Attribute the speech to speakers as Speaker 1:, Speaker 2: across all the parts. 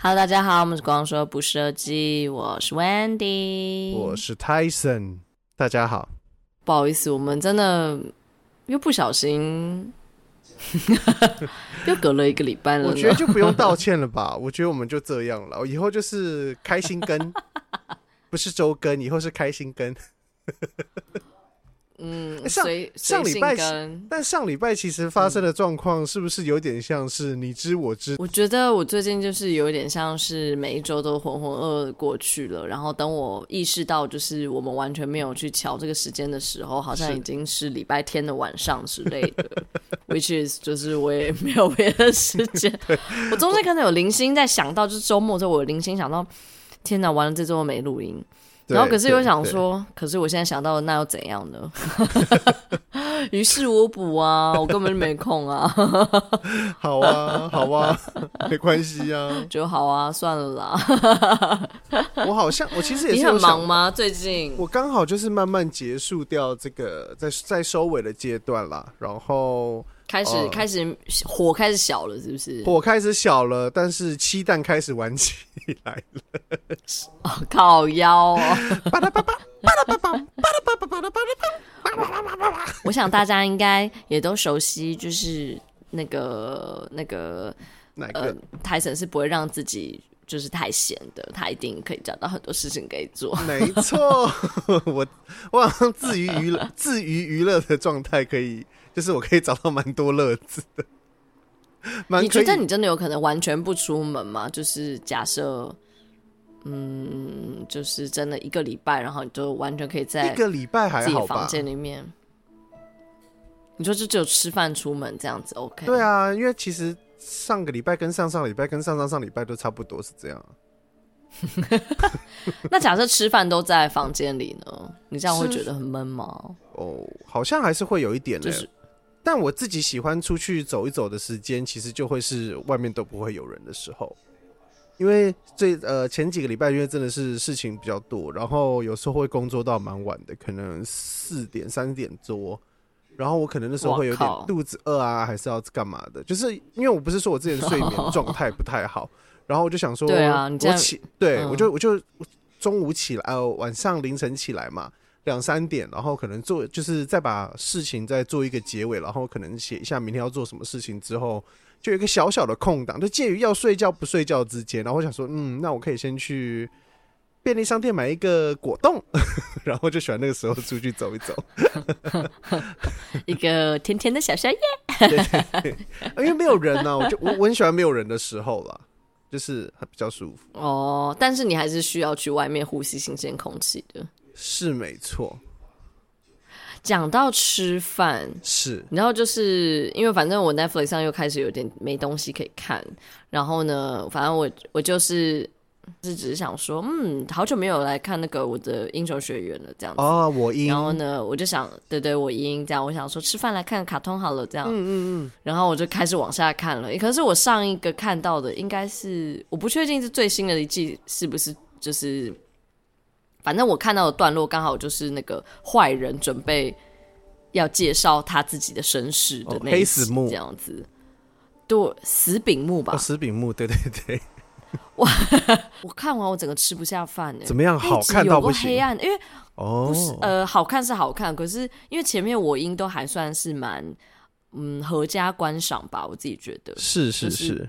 Speaker 1: Hello，大家好，我們是光說不設計，我是 Wendy，我
Speaker 2: 是 Tyson，大家好，
Speaker 1: 不好意思，我們真的又不小心， 又隔了一個禮拜了， 我覺得就不用道
Speaker 2: 歉了吧， 我覺得我們就這樣了，我以後就是開心更，不是週更，以後是開心更。 嗯，欸、上隨跟上禮拜，但上禮拜其實發生的狀況是不是有點像是你知我知？嗯。我覺
Speaker 1: 得我最近就是有點像是每一周都渾渾噩噩過去了，然後等我意識到就是我們完全沒有去瞧這個時間的時候，好像已經是禮拜天的晚上之類的。是 Which is 就是我也沒有別的時間， 對 我中間可能有零星在想到，就是周末的時候我有零星想到，天吶，完了這周沒錄音。然後可是又想說，對對對，可是我現在想到了那又怎樣呢？於事無補啊，我根本就沒空啊。 好啊，好啊，沒關係啊，就好啊，算了啦。 我好像，我其實也是。你很忙嗎？最近
Speaker 2: 我剛好就是慢慢結束掉這個，在在收尾的階段啦，然後。開始開始、
Speaker 1: 哦、火開始小了，是不是？火
Speaker 2: 開始小了，但是七蛋開始玩起來
Speaker 1: 了、哦。靠腰、哦。 我想大家應該也都熟悉，就是那個那個那、呃、個台神是不會讓自己就是太閒的，他一定可以找到很多事情可以做，沒錯。沒錯
Speaker 2: 我我自娛娛自娛娛樂的狀態可以。就是我可以找到蠻多樂子的。
Speaker 1: 你覺得你真的有可能完全不出門嗎？就是假設，嗯，就是真的一個禮拜，然後你就完全可以在一個禮拜還好吧？自己房間裡面，你說就只有吃飯出門這樣子，OK？對啊，
Speaker 2: 因為其實上個禮拜跟上上禮拜跟上上上禮拜都差不多是這樣。
Speaker 1: 那假設吃飯都在房間裡呢？你這樣會覺得
Speaker 2: 很悶嗎？哦，oh, 好像還是會有一點的。就是但我自己喜歡出去走一走的時間，其實就會是外面都不會有人的時候，因為這呃前幾個禮拜，因為真的是事情比較多，然後有時候會工作到蠻晚的，可能四點三點多，然後我可能那時候會有點肚子餓啊，靠還是要幹嘛的，就是因為我不是說我之前睡眠狀態不太好， 然後我就想說，對啊、你我起，對、嗯、我就我就中午起來，晚上凌晨起來嘛。兩三點，然後可能做，就是再把事情再做一個結尾，然後可能寫一下明天要做什麼事情，之後就有一個小小的空檔，就介於要睡覺不睡覺之間，然後我想說，嗯，那我可以先去便利商店買一個果凍， 然後就喜歡那個時候出去走一走，
Speaker 1: 一個甜甜的小宵夜、 對對對，啊。因為沒有
Speaker 2: 人呢、啊，我就我很喜歡沒有人的時候了，就是還比較舒服。
Speaker 1: 哦，但是你還是需要去外面呼吸新鮮空氣的。
Speaker 2: 是沒錯。
Speaker 1: 講到吃飯，是，然後就是因為反正我 Netflix 上又開始有點沒東西可以看，然後呢，反正我我就是，是只是想說，嗯，好久沒有來看那個我的英雄學院了，這樣子哦，我英，然後呢，我就想對，對對我英這樣，我想說吃飯來看卡通好了，這樣，嗯嗯嗯，然後我就開始往下看了，可是我上一個看到的應該是，我不確定是最新的一季是不是就是。反正我看到的段落剛好就是那個壞人準備要介紹他自己的身世的那個、哦，黑死木這樣子，對，死柄木吧，哦、死柄木，對對對。哇我！ 我看完我整個吃不下飯呢、欸。怎麼樣？好看到不行，有黑暗，因為哦，不是，哦、呃，好看是好看，可是因為前面我應都還算是蠻嗯合家觀賞吧，我自己覺得是是是。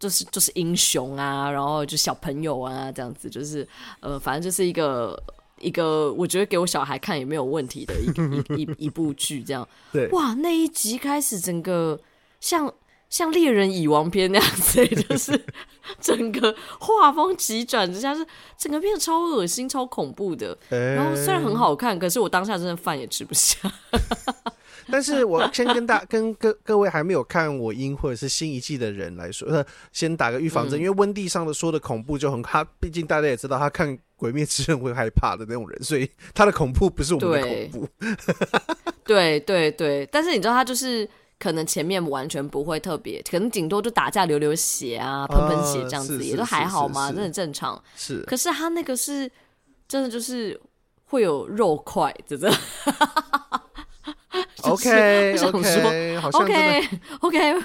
Speaker 1: 就是就是英雄啊，然後就小朋友啊這樣子，就是呃，反正就是一個一個，我覺得給我小孩看也沒有問題的一 一一,一部劇這樣。對，哇，那一集開始，整個像像《獵人》蟻王篇那樣子，就是整個畫風急轉直下，是整個變得超噁心、超恐怖的。然後雖然很好看，可是我當下真的飯也吃不下。
Speaker 2: 但是我先跟大跟各各位還沒有看我音或者是新一季的人來說，先打個預防針，嗯、因為溫蒂上的說的恐怖就很他，畢竟大家也知道他看鬼滅之刃會害怕的那種人，所以他的恐怖不是我們的恐怖。對，
Speaker 1: 對對對，但是你知道他就是可能前面完全不會特別，可能頂多就打架流流血啊、噴噴血這樣子也都還好嘛，真的正常。是，可是他那個是真的就是會有肉塊，真的。OK OK okay, OK OK，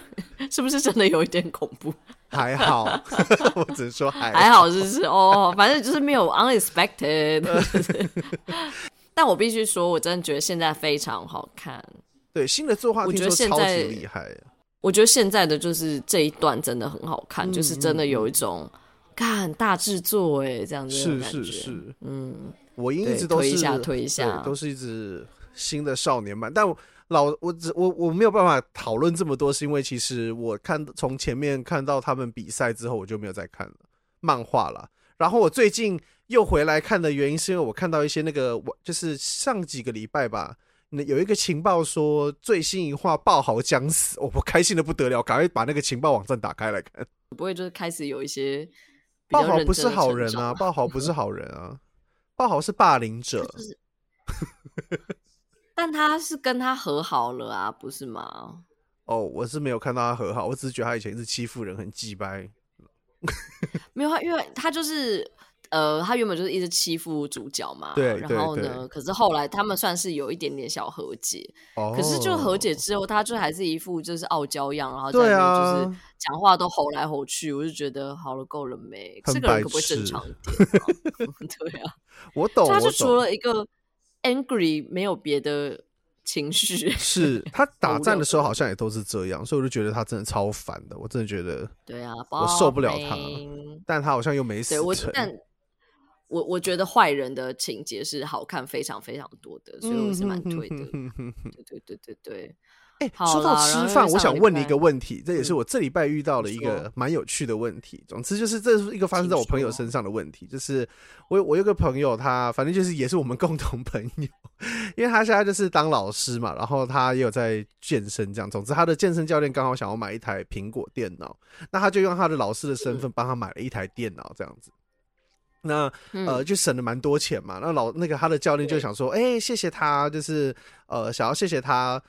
Speaker 1: 是不是真的有一點恐怖？
Speaker 2: 還好， 我只是說還好，還好就
Speaker 1: 是哦，反正就是沒有 unexpected。 但我必須說，我真的覺得現在非常好看。對新的作畫，我覺得現在厲害。我覺得現在的就是這一段真的很好看，嗯、就是真的有一種幹大制作哎，這樣子感覺。是是是，
Speaker 2: 嗯，我一直都是推一，推一下，推一下，都是一直。新的少年版，但我老我我我沒有辦法討論這麼多，是因為其實我看從前面看到他們比賽之後，我就沒有再看了漫畫了。然後我最近又回來看的原因，是因為我看到一些那個，我就是上幾個禮拜吧，有一個情報說最新一話爆豪將死，哦，我開心得不得了，趕快把那個情報網站打開來看。
Speaker 1: 不會就是開始有一些爆豪不是好人啊，
Speaker 2: 爆豪不是好人啊，爆豪是霸凌者。
Speaker 1: 但他是跟他和好了啊，不是嗎？
Speaker 2: 哦，oh, 我是沒有看到他和好，我只是覺得他以前一直欺負人，很雞掰。
Speaker 1: 沒有啊，因為他就是呃，他原本就是一直欺負主角嘛。對。然後呢？可是後來他們算是有一點點小和解。哦。Oh, 可是就和解之後，他就還是一副就是傲嬌樣，然後在裡面就是講話都吼來吼去，啊、我就覺得好了夠了沒，這個人可不可以正常一點？
Speaker 2: 對啊，我懂。他就除
Speaker 1: 了一個。Angry 沒有別的情緒，是他打戰的
Speaker 2: 時候好像也都是這樣，所以我就覺得他真的超煩的，我真的覺得，
Speaker 1: 對啊，我受不了他，
Speaker 2: 但他好像又沒死成我，但
Speaker 1: 我我覺得壞人的情節是好看非常非常多的，所以我是蠻推的，嗯、哼哼哼哼，對對對對對。哎，欸，說到吃飯，我想問你一個問
Speaker 2: 題，這也是我這禮拜遇到了一個蠻有趣的問題。總之就是這是一個發生在我朋友身上的問題，就是我我有個朋友，他反正就是也是我們共同朋友，因為他現在就是當老師嘛，然後他也有在健身，這樣。總之他的健身教練剛好想要買一台蘋果電腦，那他就用他的老師的身份幫他買了一台電腦，這樣子。那呃，就省了蠻多錢嘛。那老那個他的教練就想說，哎，謝謝他，就是呃，想要謝謝他。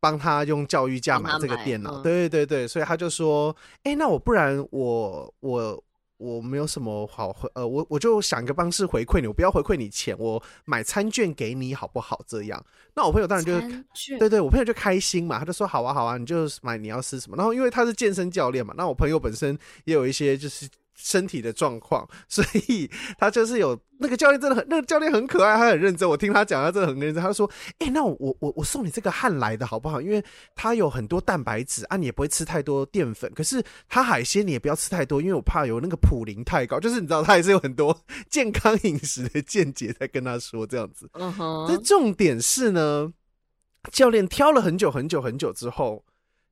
Speaker 2: 幫他用教育價買這個電腦，嗯、對對對，所以他就說：“哎、欸，那我不然我我我沒有什麼好回呃，我我就想一個方式回饋你，我不要回饋你錢，我買餐券給你好不好？這樣，那我朋友當然就錢？對對對，我朋友就開心嘛，他就說：好啊好啊，你就買你要吃什麼。然後因為他是健身教練嘛，那我朋友本身也有一些就是。”身體的狀況，所以他就是有那個教練真的很，那個教練很可愛，他很認真。我聽他講，他真的很認真。他說：“哎、欸，那我我我送你這個漢來的好不好？因為它有很多蛋白質啊，你也不會吃太多澱粉。可是它海鮮你也不要吃太多，因為我怕有那個普林太高。就是你知道，他也是有很多健康飲食的見解在跟他說這樣子。
Speaker 1: 嗯、uh huh. 但
Speaker 2: 重點是呢，教練挑了很久很久很久之後。”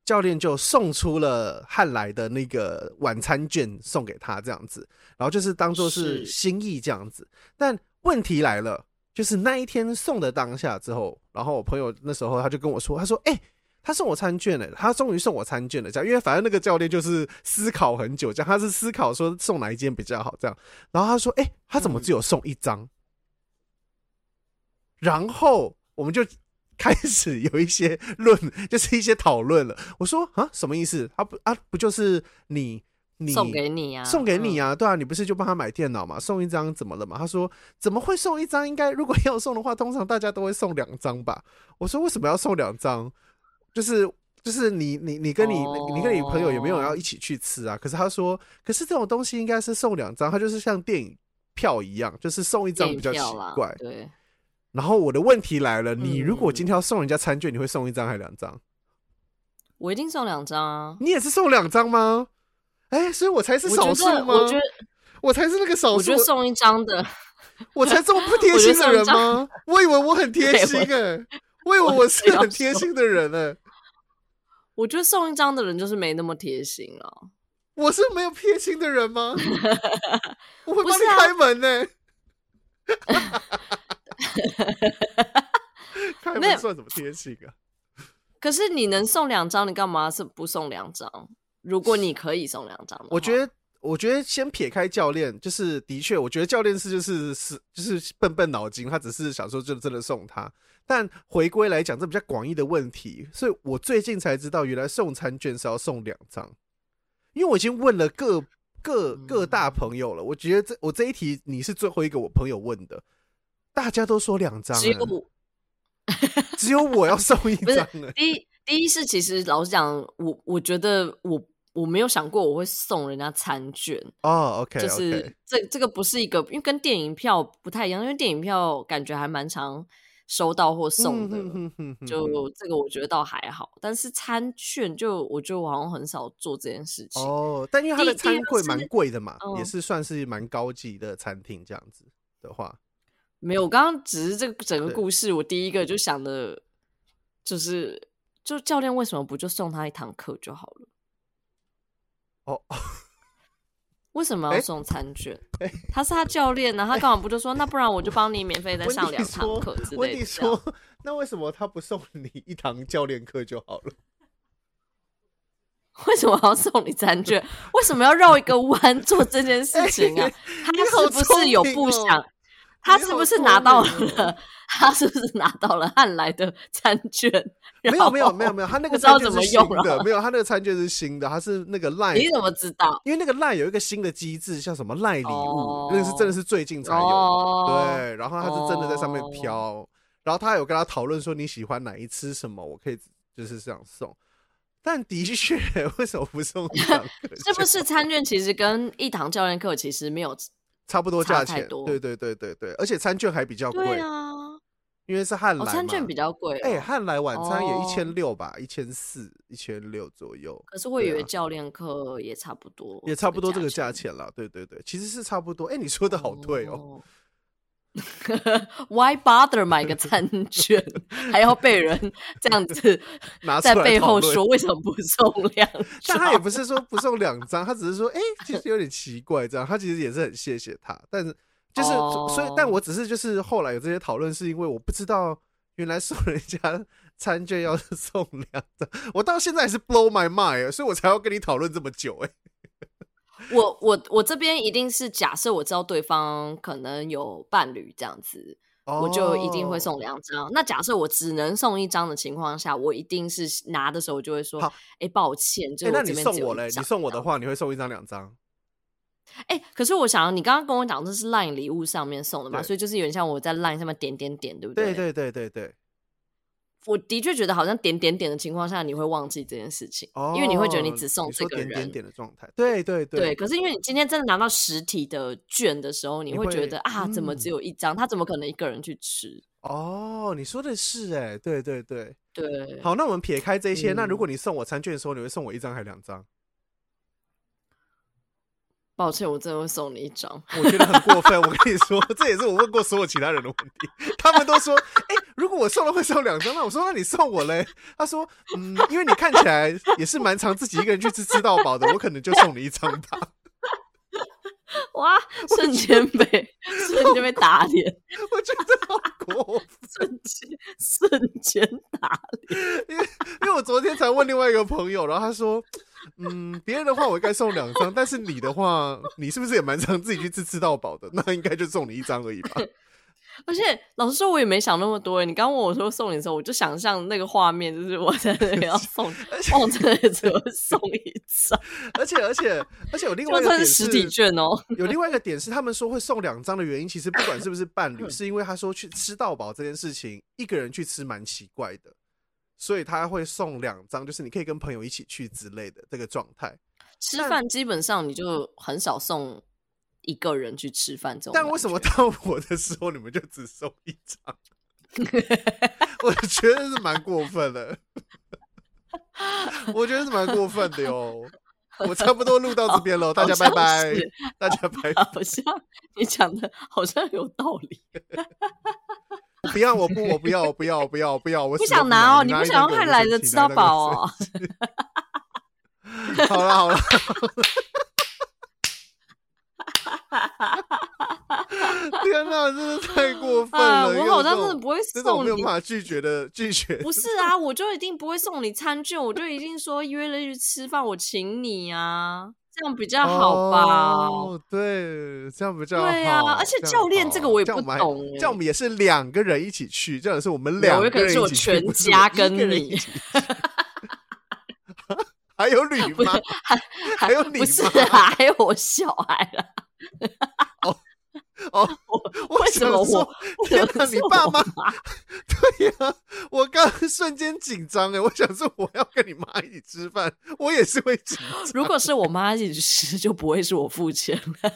Speaker 2: 教練就送出了漢來的那個晚餐券，送給他這樣子，然後就是當做是心意這樣子。但問題來了，就是那一天送的當下之後，然後我朋友那時候他就跟我說，他說：“哎，他送我餐券了，他終於送我餐券了。”這樣，因為反正那個教練就是思考很久，這樣他是思考說送哪一間比較好這樣。然後他說：“哎，他怎麼只有送一張？”然後我們就。開始有一些論，就是一些討論了。我說啊，什麼意思？他、啊、不啊，不就是你你送給你啊，送給你啊，嗯、對啊，你不是就幫他買電腦嘛，送一張怎麼了嘛？他說怎麼會送一張？應該如果要送的話，通常大家都會送兩張吧。我說為什麼要送兩張？就是就是你你你跟你你跟你朋友有沒有要一起去吃啊？哦、可是他說，可是這種東西應該是送兩張，它就是像電影票一樣，就是送一張比較奇怪，對。然後我的問題來了，嗯、你如果今天要送人家餐券，你會送一張還是兩張？
Speaker 1: 我一定送兩張啊！你也是送兩張嗎？哎、欸，所以我才是少數嗎我？我覺得我才是那個少數，我覺得送一張的我，我才這麼不貼心的人嗎？我，我以為我很貼心哎、欸，
Speaker 2: 我，我以為我是很貼
Speaker 1: 心的人哎、欸。我覺得送一張的人就是沒那麼貼心了，喔。
Speaker 2: 我是沒有貼心的人
Speaker 1: 嗎？ 不
Speaker 2: 啊、我不是開門呢、欸。
Speaker 1: 哈哈哈哈哈！ 沒有算什麼貼心啊？可是你能送兩張，你幹嘛是不送兩張？如果你可以送兩張，我
Speaker 2: 覺得，我覺得先撇開教練，就是的確，我覺得教練是就是是就是笨笨腦筋，他只是想說就真的送他。但回歸來講，這比較廣義的問題，所以我最近才知道，原來送餐券是要送兩張，因為我已經問了各各各大朋友了。我覺得這我這一題你是最後一個，我朋友問的。大家都說兩張，只有我， 只有我要送一張，欸。
Speaker 1: 不是第一，第一是其實老實講，我我覺得我我沒有想過我會送人家餐券
Speaker 2: 哦。Oh, OK，okay. 就是
Speaker 1: 這這個不是一個，因為跟電影票不太一樣，因為電影票感覺還蠻常收到或送的， 就這個我覺得倒還好。但是餐券就我就好像很少做這件事情哦。Oh, 但因為它的餐券蠻貴
Speaker 2: 的嘛，是也是算是蠻高級的餐廳這樣子的話。
Speaker 1: 沒有，我剛剛只是這個整個故事，我第一個就想的，就是，就教練為什麼不就送他一堂課就好了？哦，oh. 為什麼要送餐券？欸、他是他教練呢、啊，他剛好不就說，欸、那不然我就幫你免費再上兩堂課之類的？那為什
Speaker 2: 麼他不送你一堂教練課就好了？
Speaker 1: 為什麼要送你餐券？ 為什麼要繞一個彎做這件事情啊？欸、他是不是有不想？欸他是不是拿到了？他、欸、是不是拿到了漢來的餐券後？沒有沒有沒有沒有，他那個不知道怎麼用的。沒有，他那個
Speaker 2: 餐券是新的，他是那個賴。你怎麼知道？因為那個賴有一個新的機制，叫什麼賴禮物，那個、哦、是真的是最近才有的。哦、對，然後他是真的在上面飄，哦、然後他有跟他討論說你喜歡哪一吃什麼，我可以就是這樣送。但的確，為什麼不送？
Speaker 1: 是 不是餐券其實跟一堂教練課其實沒有？差不多價錢，對
Speaker 2: 對對對對，而且餐券還比較貴、
Speaker 1: 啊、因為是漢來、哦、餐券比較貴、喔。哎、欸，漢來晚餐也一千
Speaker 2: 六吧，一千四、一千六左右。可是我以為
Speaker 1: 教練課也差不多、啊，也差不多
Speaker 2: 這個價錢啦。對對對，其實是差不多。哎、欸，你說的好對、喔、哦。
Speaker 1: Why bother 買個餐券， 還要被人這樣子拿出來在背後說為什麼不送兩張？ 但他也
Speaker 2: 不是說不送兩張， 他只是說，哎、欸，其實有點奇怪，這樣。他其實也是很謝謝他，但是就是、oh. 所以，但我只是就是後來有這些討論，是因為我不知道原來送人家餐券要是送兩張，我到現在還是 blow my mind，所以我才要跟你討論這麼久哎、欸。
Speaker 1: 我我我這邊一定是假設我知道對方可能有伴侶這樣子，oh. 我就一定會送兩張。那假設我只能送一張的情況下，我一定是拿的時候就會說：哎好、欸，抱歉。就這、欸、那你送我嘞？你送
Speaker 2: 我的話，你會送一張兩張？哎、
Speaker 1: 欸，可是我想，你剛剛跟我講這是 LINE 禮物上面送的嘛，對所以就是有點像我在 LINE 上面點點點，對不對？對,
Speaker 2: 對對對對對。
Speaker 1: 我的確覺得好像點點點的情況下，你會忘記這件事情，哦、因為你會覺得你只送出一個人。點點點
Speaker 2: 的狀態。對對對。對，對，可
Speaker 1: 是因為你今天真的拿到實體的券的時候，你會覺得會啊，嗯、怎麼只有一張？他怎麼可能一個人去吃？
Speaker 2: 哦，你說的是哎、欸，對對對
Speaker 1: 對。好，
Speaker 2: 那我們撇開這些，嗯、那如果你送我餐券的時候，你會送我一張還是兩張？
Speaker 1: 抱歉，我真的會送你一張， 我覺得很過分。我跟你說，這也是我問過所有其他人的問題，他們都說：“哎、欸，如果我送了會送兩
Speaker 2: 張，那我說那你送我嘞？”他說：“嗯，因為你看起來也是蠻常，自己一個人去吃吃到飽的，我可能就送你一張吧。”
Speaker 1: 哇，瞬間被瞬間被打臉，我覺得好過分，瞬間瞬
Speaker 2: 間打臉，因為因為我昨天才問另外一個朋友，然後他說。嗯，別人的話我應該送兩張， 但是你的話，你是不是也蠻常自己去吃吃到飽的？那應該就送你一張而已吧。
Speaker 1: 而且老實說，我也沒想那麼多。你剛問我說送你的時候，我就想象那個畫面，就是我在那邊要送，哇 而且，我真的只會送一張。
Speaker 2: 而且，而且，而且有另外一個點是，算是實體券哦、喔。有另外一個點是，他們說會送兩張的原因，其實不管是不是伴侶， 是因為他說去吃到飽這件事情，一個人去吃蠻奇怪的。所以他會送兩張，就是你可以跟朋友一起去之類的這個狀態。
Speaker 1: 吃飯基本上你就很少送一個人去吃飯這種。但為
Speaker 2: 什麼到我的時候你們就只送一張？ 我覺得是蠻過分的。 我覺得是蠻過分的喲、喔。我差不多錄到這邊了，大家拜拜，
Speaker 1: 大家拜拜。好像你講的好像有道理。
Speaker 2: 不要！我不，我不要，不要，不要，不要！我不想拿哦，你不想要看，來著吃到飽
Speaker 1: 哦！好了好了，哈哈哈哈哈
Speaker 2: 哈！天哪，真的太過分了！我好像真的不會送，真的沒有辦法拒絕的拒絕。不是
Speaker 1: 啊，我就一定不會送你餐券，我就一定說約了去吃飯，我請你啊。這樣比較好吧？哦，
Speaker 2: 對，這樣比較好。對呀、啊，而且教練這個我也不懂這這。這樣我們也是兩個人一起去，這樣也是我們兩個人一起去，我也可以做全家跟你？人
Speaker 1: 還有你嗎？不是還還有你嗎還不是啦？還有我小孩啦。 哦，oh, 我，我想為什麼我天哪，我你爸媽？我我
Speaker 2: 對呀、啊，我
Speaker 1: 剛瞬間緊張哎，我想說我要跟你媽一起吃飯，我也是會如果是我媽一起吃，就不會是我付錢了。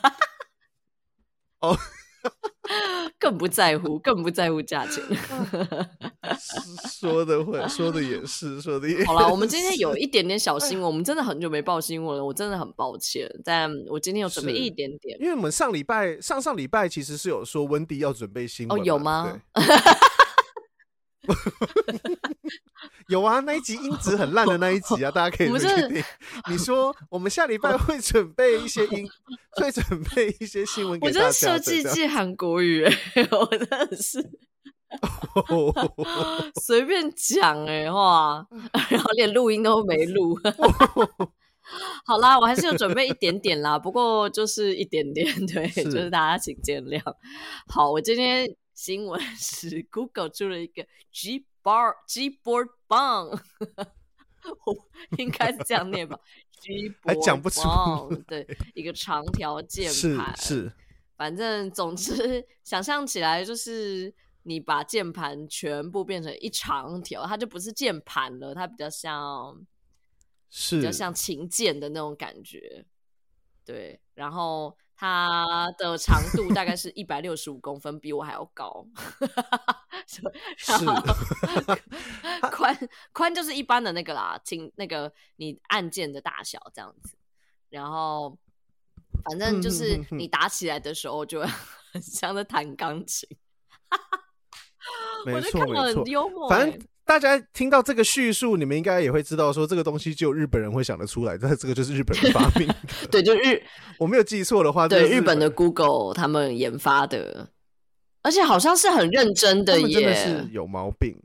Speaker 1: 哦。 Oh. 更不在乎，更不在乎價錢。 說的會，說的也
Speaker 2: 是，說的。好了，我們今天有一點點小新聞，
Speaker 1: 是我們真的很久沒報新聞了，我真的很抱歉，但我今天有準備一點點，因
Speaker 2: 為我們上禮拜、上上禮拜其實是有說溫迪要準備新聞。哦，有嗎？對 有啊，那一集音質很爛的那一集啊，就大家可以不是，就你說我們下禮拜會準備一些音，會準備一些新聞。我的設計界
Speaker 1: 韓國語、欸， 我真的是隨 便講哎、欸，哇，然後連錄音都沒錄。 好啦，我還是有準備一點點啦， 不過就是一點點，對，是就是大家請見諒。好，我今天。新聞是 Google 出了一個 G bar G board bang 應該是這樣念吧 ？G board，哦，講對，一個長條鍵盤是，是反正總之想象起來就是你把鍵盤全部變成一長條，它就不是鍵盤了，它比較像是比較像琴鍵的那種感覺。是對，然後。它的長度大概是一百六十五公分，比我還要高。是的，寬寬就是一般的那個啦，琴那個你按鍵的大小這樣子。然後，反正就是你打起來的時候，就很像 在彈鋼琴。哈哈，我就看到很幽默、欸，
Speaker 2: 大家聽到這個敘述，你們應該也會知道，說這個東西就日本人會想得出來，那這個就是日本
Speaker 1: 的發明的 對，就日，我沒有記錯的話，就是、對，日本的 Google 他們研發的，而且好像是很認真的耶，也真的是有毛病，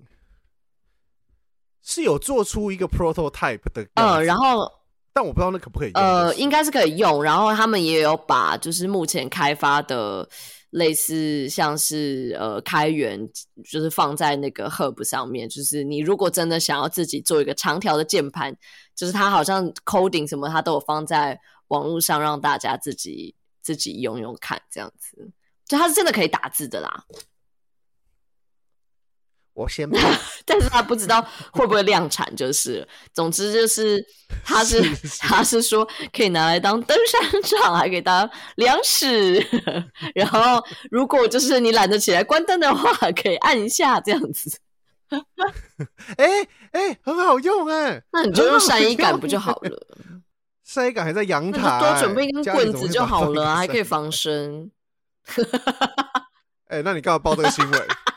Speaker 2: 是有做出一個 prototype 的，呃然後，但我不知道那
Speaker 1: 可不可以用、呃，應該是可以用，然後他們也有把就是目前開發的。類似像是呃開源，就是放在那個 Hub 上面。就是你如果真的想要自己做一個長條的鍵盤，就是它好像 coding 什麼，它都有放在網路上讓大家自己自己用用看，這樣子，就它是真的可以打字的啦。我先， 但是他不知道會不會量產，就是， 總之就是，他是他是說可以拿來當登山杖，還可以當糧食，然後如果就是你懶得起來關燈的話，可以按一下這樣子、 欸，哎、欸、哎，很好用哎、欸， 那你就用曬衣杆不就好了？曬衣杆
Speaker 2: 還在陽台、欸，多準備一根棍子就好了、啊，還可以
Speaker 1: 防身。
Speaker 2: 哎、 欸，那你
Speaker 1: 幹嘛報這個新聞？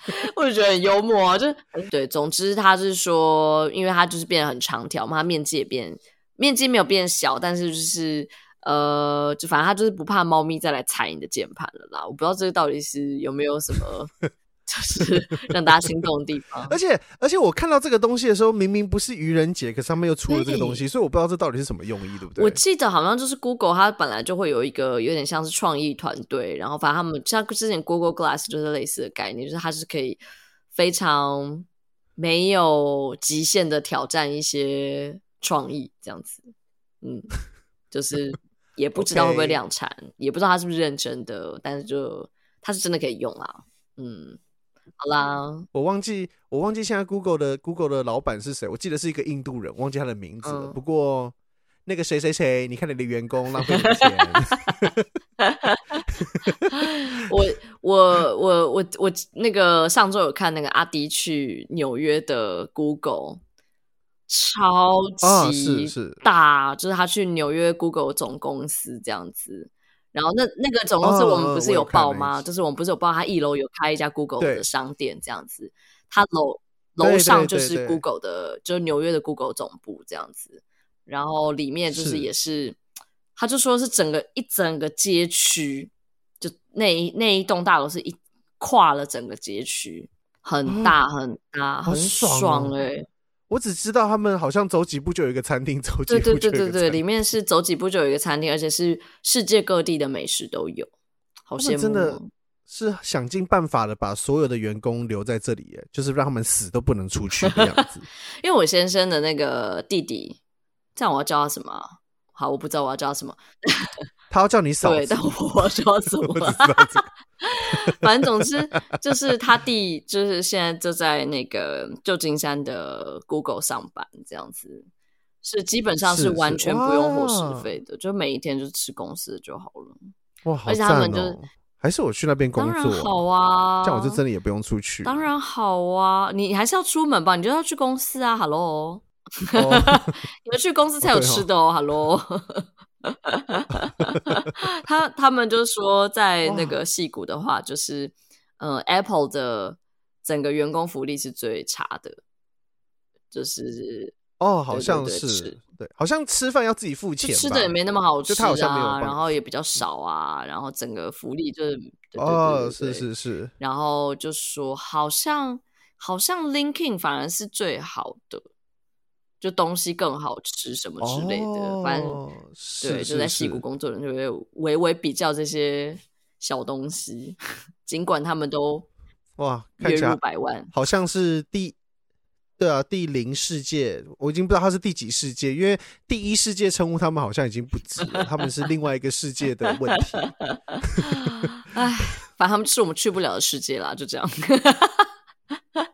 Speaker 1: 我就覺得很幽默，啊，就對。總之，他是說，因為他就是變得很長條嘛，他面積也變，面積沒有變小，但是就是呃，就反正他就是不怕貓咪再來踩你的鍵盤了啦。我不知道這個到底是有沒有什麼。 就是讓大家心動的地方， 而且
Speaker 2: 而且我看到這個東西的時候，明明不是愚人節，可是他們又出了這個東西，所以，所以我不知道這到底是什麼用意，對不對？我
Speaker 1: 記得好像就是 Google，它本來就會有一個有點像是創意團隊，然後反正他們像之前 Google Glass 就是類似的概念，就是它是可以非常沒有極限的挑戰一些創意這樣子。嗯，就是也不知道會不會量產， Okay. 也不知道他是不是認真的，但是就它是真的可以用啊，嗯。好啦，我忘記，我忘記
Speaker 2: 現在 Google 的 Google 的老闆是誰，我記得是一個印度人，忘記他的名字了。嗯、不過那個誰誰誰，你看你的員工浪費
Speaker 1: 我的錢。我我我我我，我那個上周有看那個阿迪去紐約的 Google，超級大，啊、是是就是他去紐約 Google 總公司這樣子。然後那那個總公司我們不是有報嗎？哦、就是我們不是有報，他一樓有開一家 Google 的商店這樣子，他對樓樓上就是 Google 的，對對對對就紐約的 Google 總部這樣子。然後裡面就是也是，他是就說是整個一整個街區，就那一那一棟大樓是一跨了整個街區，很大很大，嗯、很爽欸、
Speaker 2: 啊。我只知道他們好像走幾步就有一個餐廳，走幾步就有一個餐廳。對對對對對，裡
Speaker 1: 面是走幾步就有一個餐廳，而且是世界各地的美食都有。好羨慕啊，真的
Speaker 2: 是想盡辦法的把所有的員工留在這裡，就是讓他們死都不能出去的樣
Speaker 1: 子。 因為我先生的那個弟弟，這樣我要叫他什麼？好，我不知道我要叫他什麼。
Speaker 2: 他要叫你嫂子，對，但我說什麼？ 反
Speaker 1: 正總之就是他弟，就是現在就在那個舊金山的 Google 上班，這樣子是基本上是完全不用伙食費的，是是就每一天就吃公司就好了。
Speaker 2: 哇，好喔，而且他們就是還是我去那邊工作，當然好啊，這樣我就真的也不用出去。當
Speaker 1: 然好啊，你還是要出門吧，你就要去公司啊，哈嘍，你們去公司才有 Okay 吃的哦。喔，哈嘍。 他他們就說，在那個矽谷的話，哦、就是，嗯、呃、Apple 的整個員工福利是最差的，
Speaker 2: 就是哦，對對對對好像是吃對，好像吃飯要
Speaker 1: 自己付錢，吃的也沒那麼好吃啊，就好像沒有，然後也比較少啊，然後整個福利就是哦，對對對是是是，然後就說好像好像 LinkedIn 反而是最好的。就東西更好吃什麼之類的，哦、反正對，是是是，就在矽谷工作人就會微微比較這些小東西，盡是管他們都哇月入百萬，
Speaker 2: 好像是第對啊第零世界，我已經不知道他是第幾世界，因為第一世界稱呼他們好像已經不值了， 他們是另外一個世界的問題。哎， 反
Speaker 1: 正他們是我們去不了的世界啦，就這樣。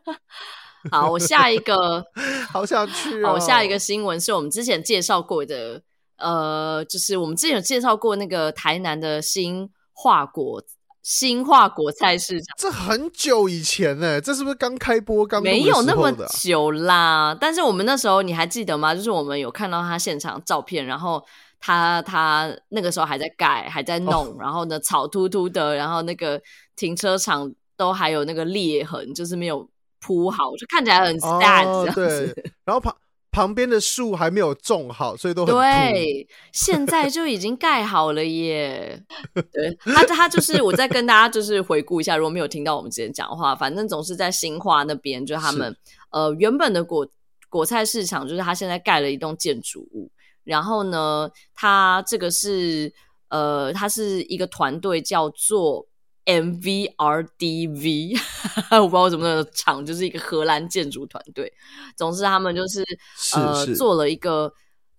Speaker 1: 好，我下一個 好想去、啊。好，下一個新聞是我們之前介紹過的，呃，就是我們之前有介紹過那個台南的新化果新化果菜市場。這
Speaker 2: 很久以前誒、欸、這是不是剛開播、啊？剛沒有那麼
Speaker 1: 久啦。但是我們那時候你還記得嗎？就是我們有看到他現場照片，然後他他那個時候還在蓋，還在弄，哦、然後呢草禿禿的，然後那個停車場都還有那個裂痕，就是沒有。鋪好，就看起來很 standard 對。
Speaker 2: 然後旁旁邊的樹還沒有種好，所以都很對。
Speaker 1: 現在就已經蓋好了耶！ 對他，他就是我再跟大家就是回顧一下，如果沒有聽到我們之前講的話，反正總是在新化那邊，就是他們是呃原本的果果菜市場，就是他現在蓋了一棟建築物。然後呢，他這個是呃，他是一個團隊叫做。M V R D V， 我不知道我怎麼說的廠，場，就是一個荷蘭建築團隊。總之，他們就是，是呃是做了一個，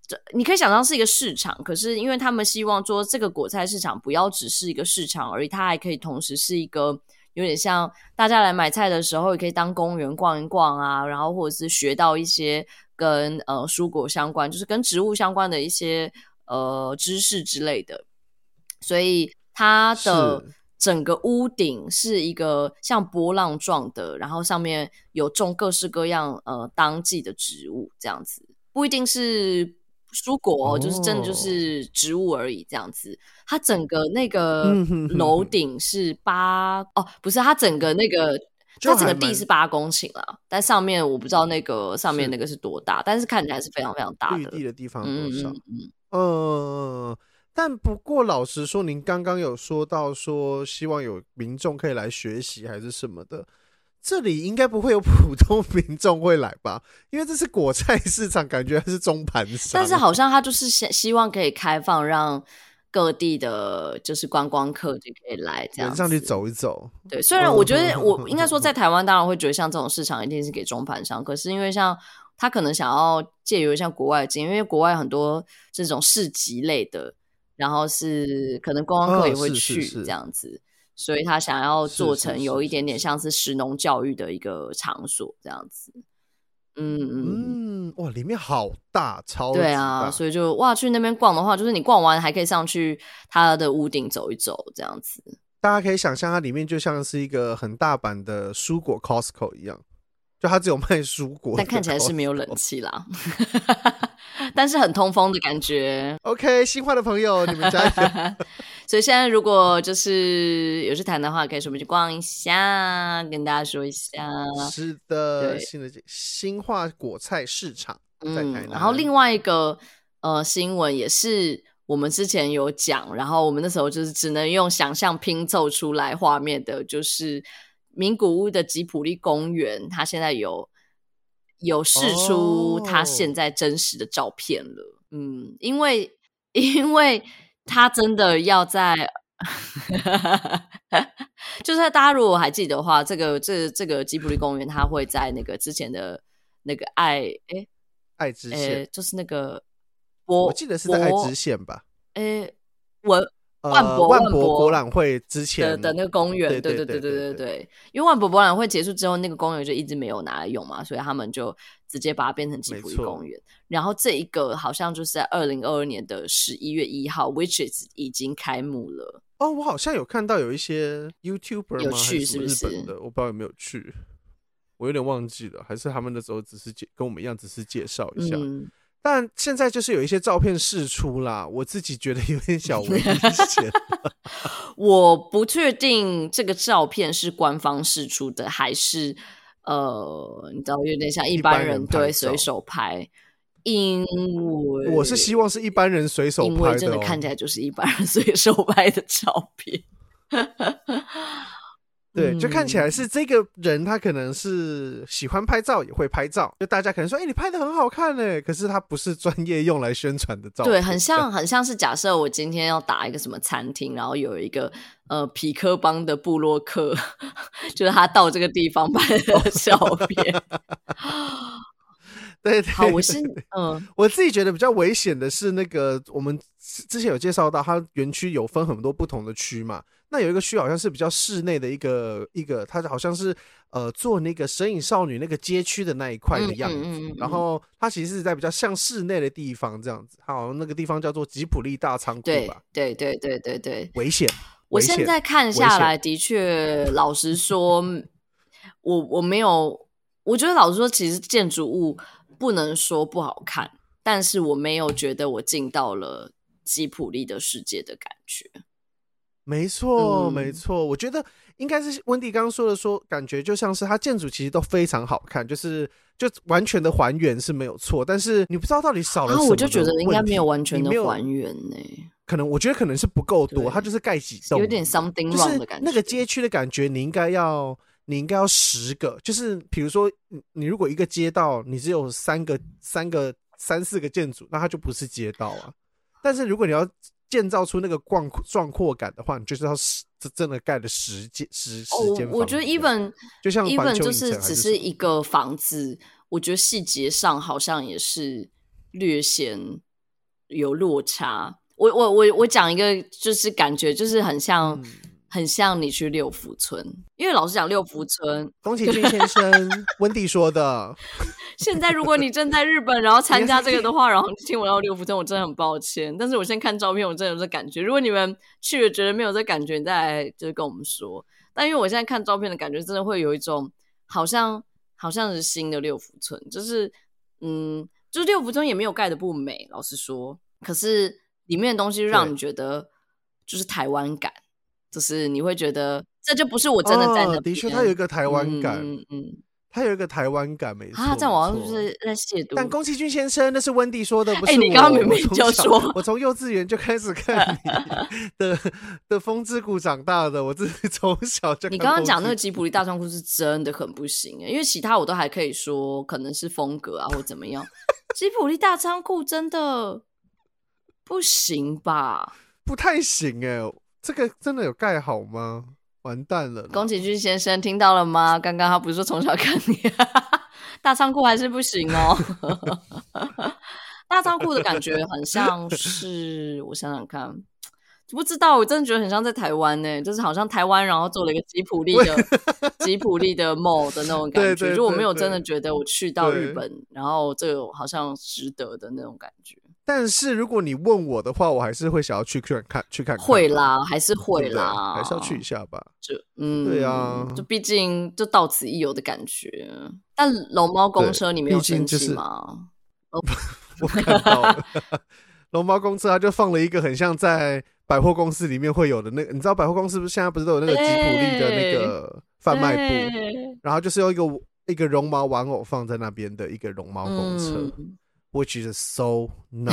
Speaker 1: 這你可以想象是一個市場。可是，因為他們希望說，這個果菜市場不要只是一個市場而已，它還可以同時是一個有點像大家來買菜的時候，也可以當公園逛一逛啊，然後或者是學到一些跟呃蔬果相關，就是跟植物相關的一些呃知識之類的。所以，它的。整個屋頂是一個像波浪狀的，然後上面有種各式各樣呃當季的植物，這樣子，不一定是蔬果哦，就是真的就是植物而已，這樣子。它整個那個樓頂是八 哦，不是，它整個那個，它整個地是八公頃啦，但上面我不知道那個上面那個是多大，是，但是看起來是非常非常大的綠
Speaker 2: 地的地方多少。嗯，嗯，嗯，嗯。嗯 uh 但不過，老實說，您剛剛有說到說希望有民眾可以來學習還是什麼的，這裡應該不會有普通民眾會來吧？因為這是果菜市場，感覺還是中盤商。但是好
Speaker 1: 像他就是希希望可以開放，讓各地的，就是觀光客就可以來這樣子，上去
Speaker 2: 走一走。對，雖然我覺得我應
Speaker 1: 該說，在台灣當然會覺得像這種市場一定是給中盤商， 可是因為像他可能想要借由像國外經營，因為國外很多這種市集類的。然後是可能觀光客也會去這樣子，所以他想要做成有一點點像是食農教育的一個場所這樣子。嗯嗯，哇，裡面好大，超對啊！所以就哇，去那邊逛的話，就是你逛完還可以上去它的屋頂走一走這樣子。
Speaker 2: 大家可以想象，它裡面就像是一個很大版的蔬果 Costco 一樣。就他只有賣
Speaker 1: 蔬果，但看起來是沒有冷氣啦， 但是很通風的感覺。OK，新化的朋友，你們加一下。 所以現在如果就是有事談的話，可以順便去逛一下，跟大家說一下。是的，對新的
Speaker 2: 新化果菜市場在哪裡。嗯，然後
Speaker 1: 另外一個呃新聞也是我們之前有講，然後我們那時候就是只能用想象拼湊出來畫面的，就是。名古屋的吉普力公園，他現在有有釋出他現在真實的照片了，oh. 嗯，因為因為他真的要在， 就是大家如果還記得的話，這個這個、這個吉普力公園，他會在那個之前的那個愛哎愛知縣，就是那個我我記得是在愛知縣吧，誒，我。萬博萬博、呃、萬博博覽會之前的那個公園、對，對對對對對對，因為萬博博覽會結束之後，那個公園就一直沒有拿來用嘛，所以他們就直接把它變成吉普力公園。錯然後這一個好像就是在二零二二年的十一月一號，which is 已經開幕了。
Speaker 2: 哦，我好像有看到有一些 YouTuber 嗎？還是不是，是？我不知道有沒有去，我有點忘記了。還是他們那時候只是跟我們一樣，只是介紹一下。嗯但現在就是有一些照片釋出了，我自己覺得有點小問題。
Speaker 1: 我不確定這個照片是官方釋出的，還是呃，你知道，有點像一般人對隨手拍，拍，因為我是
Speaker 2: 希望是一般人隨手拍，哦，因為真的看
Speaker 1: 起來就是一般人隨手拍的照片。 對，就看起來
Speaker 2: 是這個人，他可能是喜歡拍照，也會拍照。就大家可能說，哎、欸，你拍得很好看誒，可是他不是專業用來宣傳的照片。對，很
Speaker 1: 像，很像是假設我今天要打一個什麼餐廳，然後有一個呃皮科邦的部落客，就是他到這個地方拍的照片。 對，對，好，我
Speaker 2: 是嗯，呃、我自己覺得比較危險的是那個我們之前有介紹到，它園區有分很多不同的區嘛，那有一個區好像是比較室內的一個一個，它好像是呃做那個神隱少女那個街區的那一塊的樣子，然後它其實是在比較像室內的地方這樣子，它好像那個地方叫做吉普力大倉庫吧？對
Speaker 1: 對對對對對，
Speaker 2: 危險，危險我現在看下來
Speaker 1: 的確，老實說我，我我沒有，我覺得老實說，其實建築物。不能說不好看，但是我沒有覺得我進到了吉普力的世界的感覺。
Speaker 2: 沒錯，嗯、沒錯，我覺得應該是溫迪剛剛說的，說感覺就像是它建築其實都非常好看，就是就完全的還原是沒有錯，但是你不知道到底少了什麼是、啊，我就覺得應該沒有完全的還原呢、欸。可能我覺得可能是不夠多，對它就是蓋幾棟，有點
Speaker 1: something wrong、就是、的感覺。那
Speaker 2: 個街區的感覺，你應該要。你應該要十個，就是比如說，你如果一個街道，你只有三個、三個、三四個建築，那它就不是街道啊。但是如果你要建造出那個壯壯闊感的話，你就是要十真的蓋了十間十十間，間、哦、我覺
Speaker 1: 得 even 就像 even 就是只是一個房子，我覺得細節上好像也是略顯有落差。我我我我講一個，就是感覺就是很像、嗯。很像你去六福村，因為老實講，六福村，宮崎駿先
Speaker 2: 生溫蒂 說的。
Speaker 1: 現在如果你正在日本， 然後參加這個的話，然後聽我要六福村，我真的很抱歉。但是我現在看照片，我真的有這感覺。如果你們去了覺得沒有這感覺，你再來就是跟我們說。但因為我現在看照片的感覺，真的會有一種好像好像是新的六福村，就是嗯，就是六福村也沒有蓋的不美。老實說，可是裡面的東西讓你覺得就是台灣感。就是你會覺得這就不是我真的在的、哦，的確，他有一個
Speaker 2: 台灣感，嗯，他有一個台灣感，嗯、沒錯啊，在網上就是在但宮崎駿先生那是溫蒂說的，不是我、欸、你剛剛明明就說我從，我
Speaker 1: 從幼稚園就開始看你的 的《的風之谷》長大的，我自是從小就看。你剛剛講那個吉普力大倉庫是真的很不行、欸，因為其他我都還可以說可能是風格啊或怎麼樣， 吉普力大倉庫真的不行吧？不太行哎、欸。這個真的有蓋好嗎？
Speaker 2: 完蛋了！
Speaker 1: 宮崎駿先生聽到了嗎？剛剛他不是說從小看你 大倉庫還是不行哦、喔？ 大倉庫的感覺很像是，我想想看，不知道，我真的覺得很像在台灣呢、欸，就是好像台灣然後做了一個吉普力的、嗯、吉普力的夢的那種感覺，就我 沒有真的覺得我去到日本，對然後這個好像值得的那種感覺。
Speaker 2: 但是如果你問我的話，我還是會想要去看、看、去看，看。會
Speaker 1: 啦，還是會啦，還是要去一
Speaker 2: 下吧。就嗯，對呀、啊，就
Speaker 1: 畢竟就到此一遊的感覺。但龍貓公車你沒有進去嗎？我看到了
Speaker 2: 龍貓 公車，它就放了一個很像在百貨公司裡面會有的那個，你知道百貨公司不是現在不是都有那個吉普力的那個販賣部，欸欸、然後就是用一個一個絨毛玩偶放在那邊的一個龍貓公車。嗯 Which is so not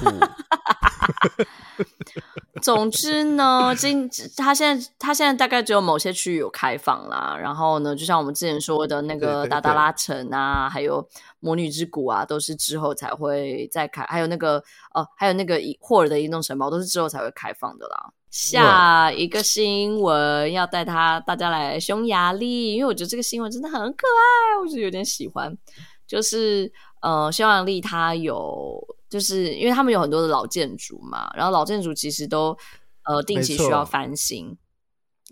Speaker 2: cool.
Speaker 1: 總之呢，今他現在它現在大概只有某些區域有開放啦。然後呢，就像我們之前說的那個達達拉城啊，對對對，還有魔女之谷啊，都是之後才會再開。還有那個呃，還有那個霍爾的移動城堡，都是之後才會開放的啦。Yeah. 下一個新聞要帶他大家來匈牙利，因為我覺得這個新聞真的很可愛，我覺得有點喜歡，就是。呃，匈牙利他有，就是因為他們有很多的老建築嘛，然後老建築其實都呃定期需要翻新。錯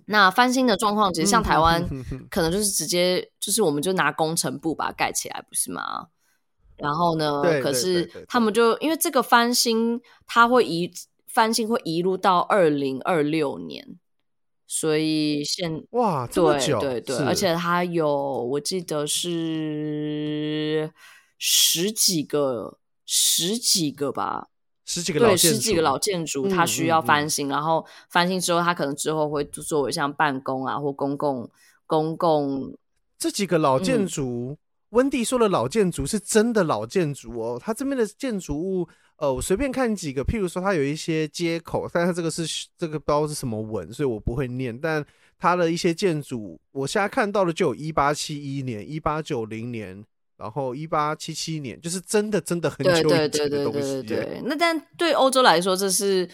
Speaker 1: 那翻新的狀況，其實像台灣，可能就是直接就是我們就拿工程布把它蓋起來，不是嗎？ 然後呢，對對對對對，可是他們就因為這個翻新，它會移翻新會移入到二零二六年，所以現哇，這麼對對對，是而且它有我記得是。十幾個，十幾個吧，十幾個對，十幾個老建築，它需要翻新，嗯嗯嗯，然後翻新之後，它可能之後會作為像辦公啊或公共公共這幾個老建築，溫蒂、嗯、說
Speaker 2: 的老建築是真的老建築哦。他這邊的建築物，呃，我隨便看幾個，譬如說，它有一些接口，但是這個是這個不知道是什麼文，所以我不會念。但它的一些建築，我現在看到的就有一八七一年、一八九零年。然後一八七七年，就是真的真的很久以前的東西。對，
Speaker 1: 那但對歐洲來說，這是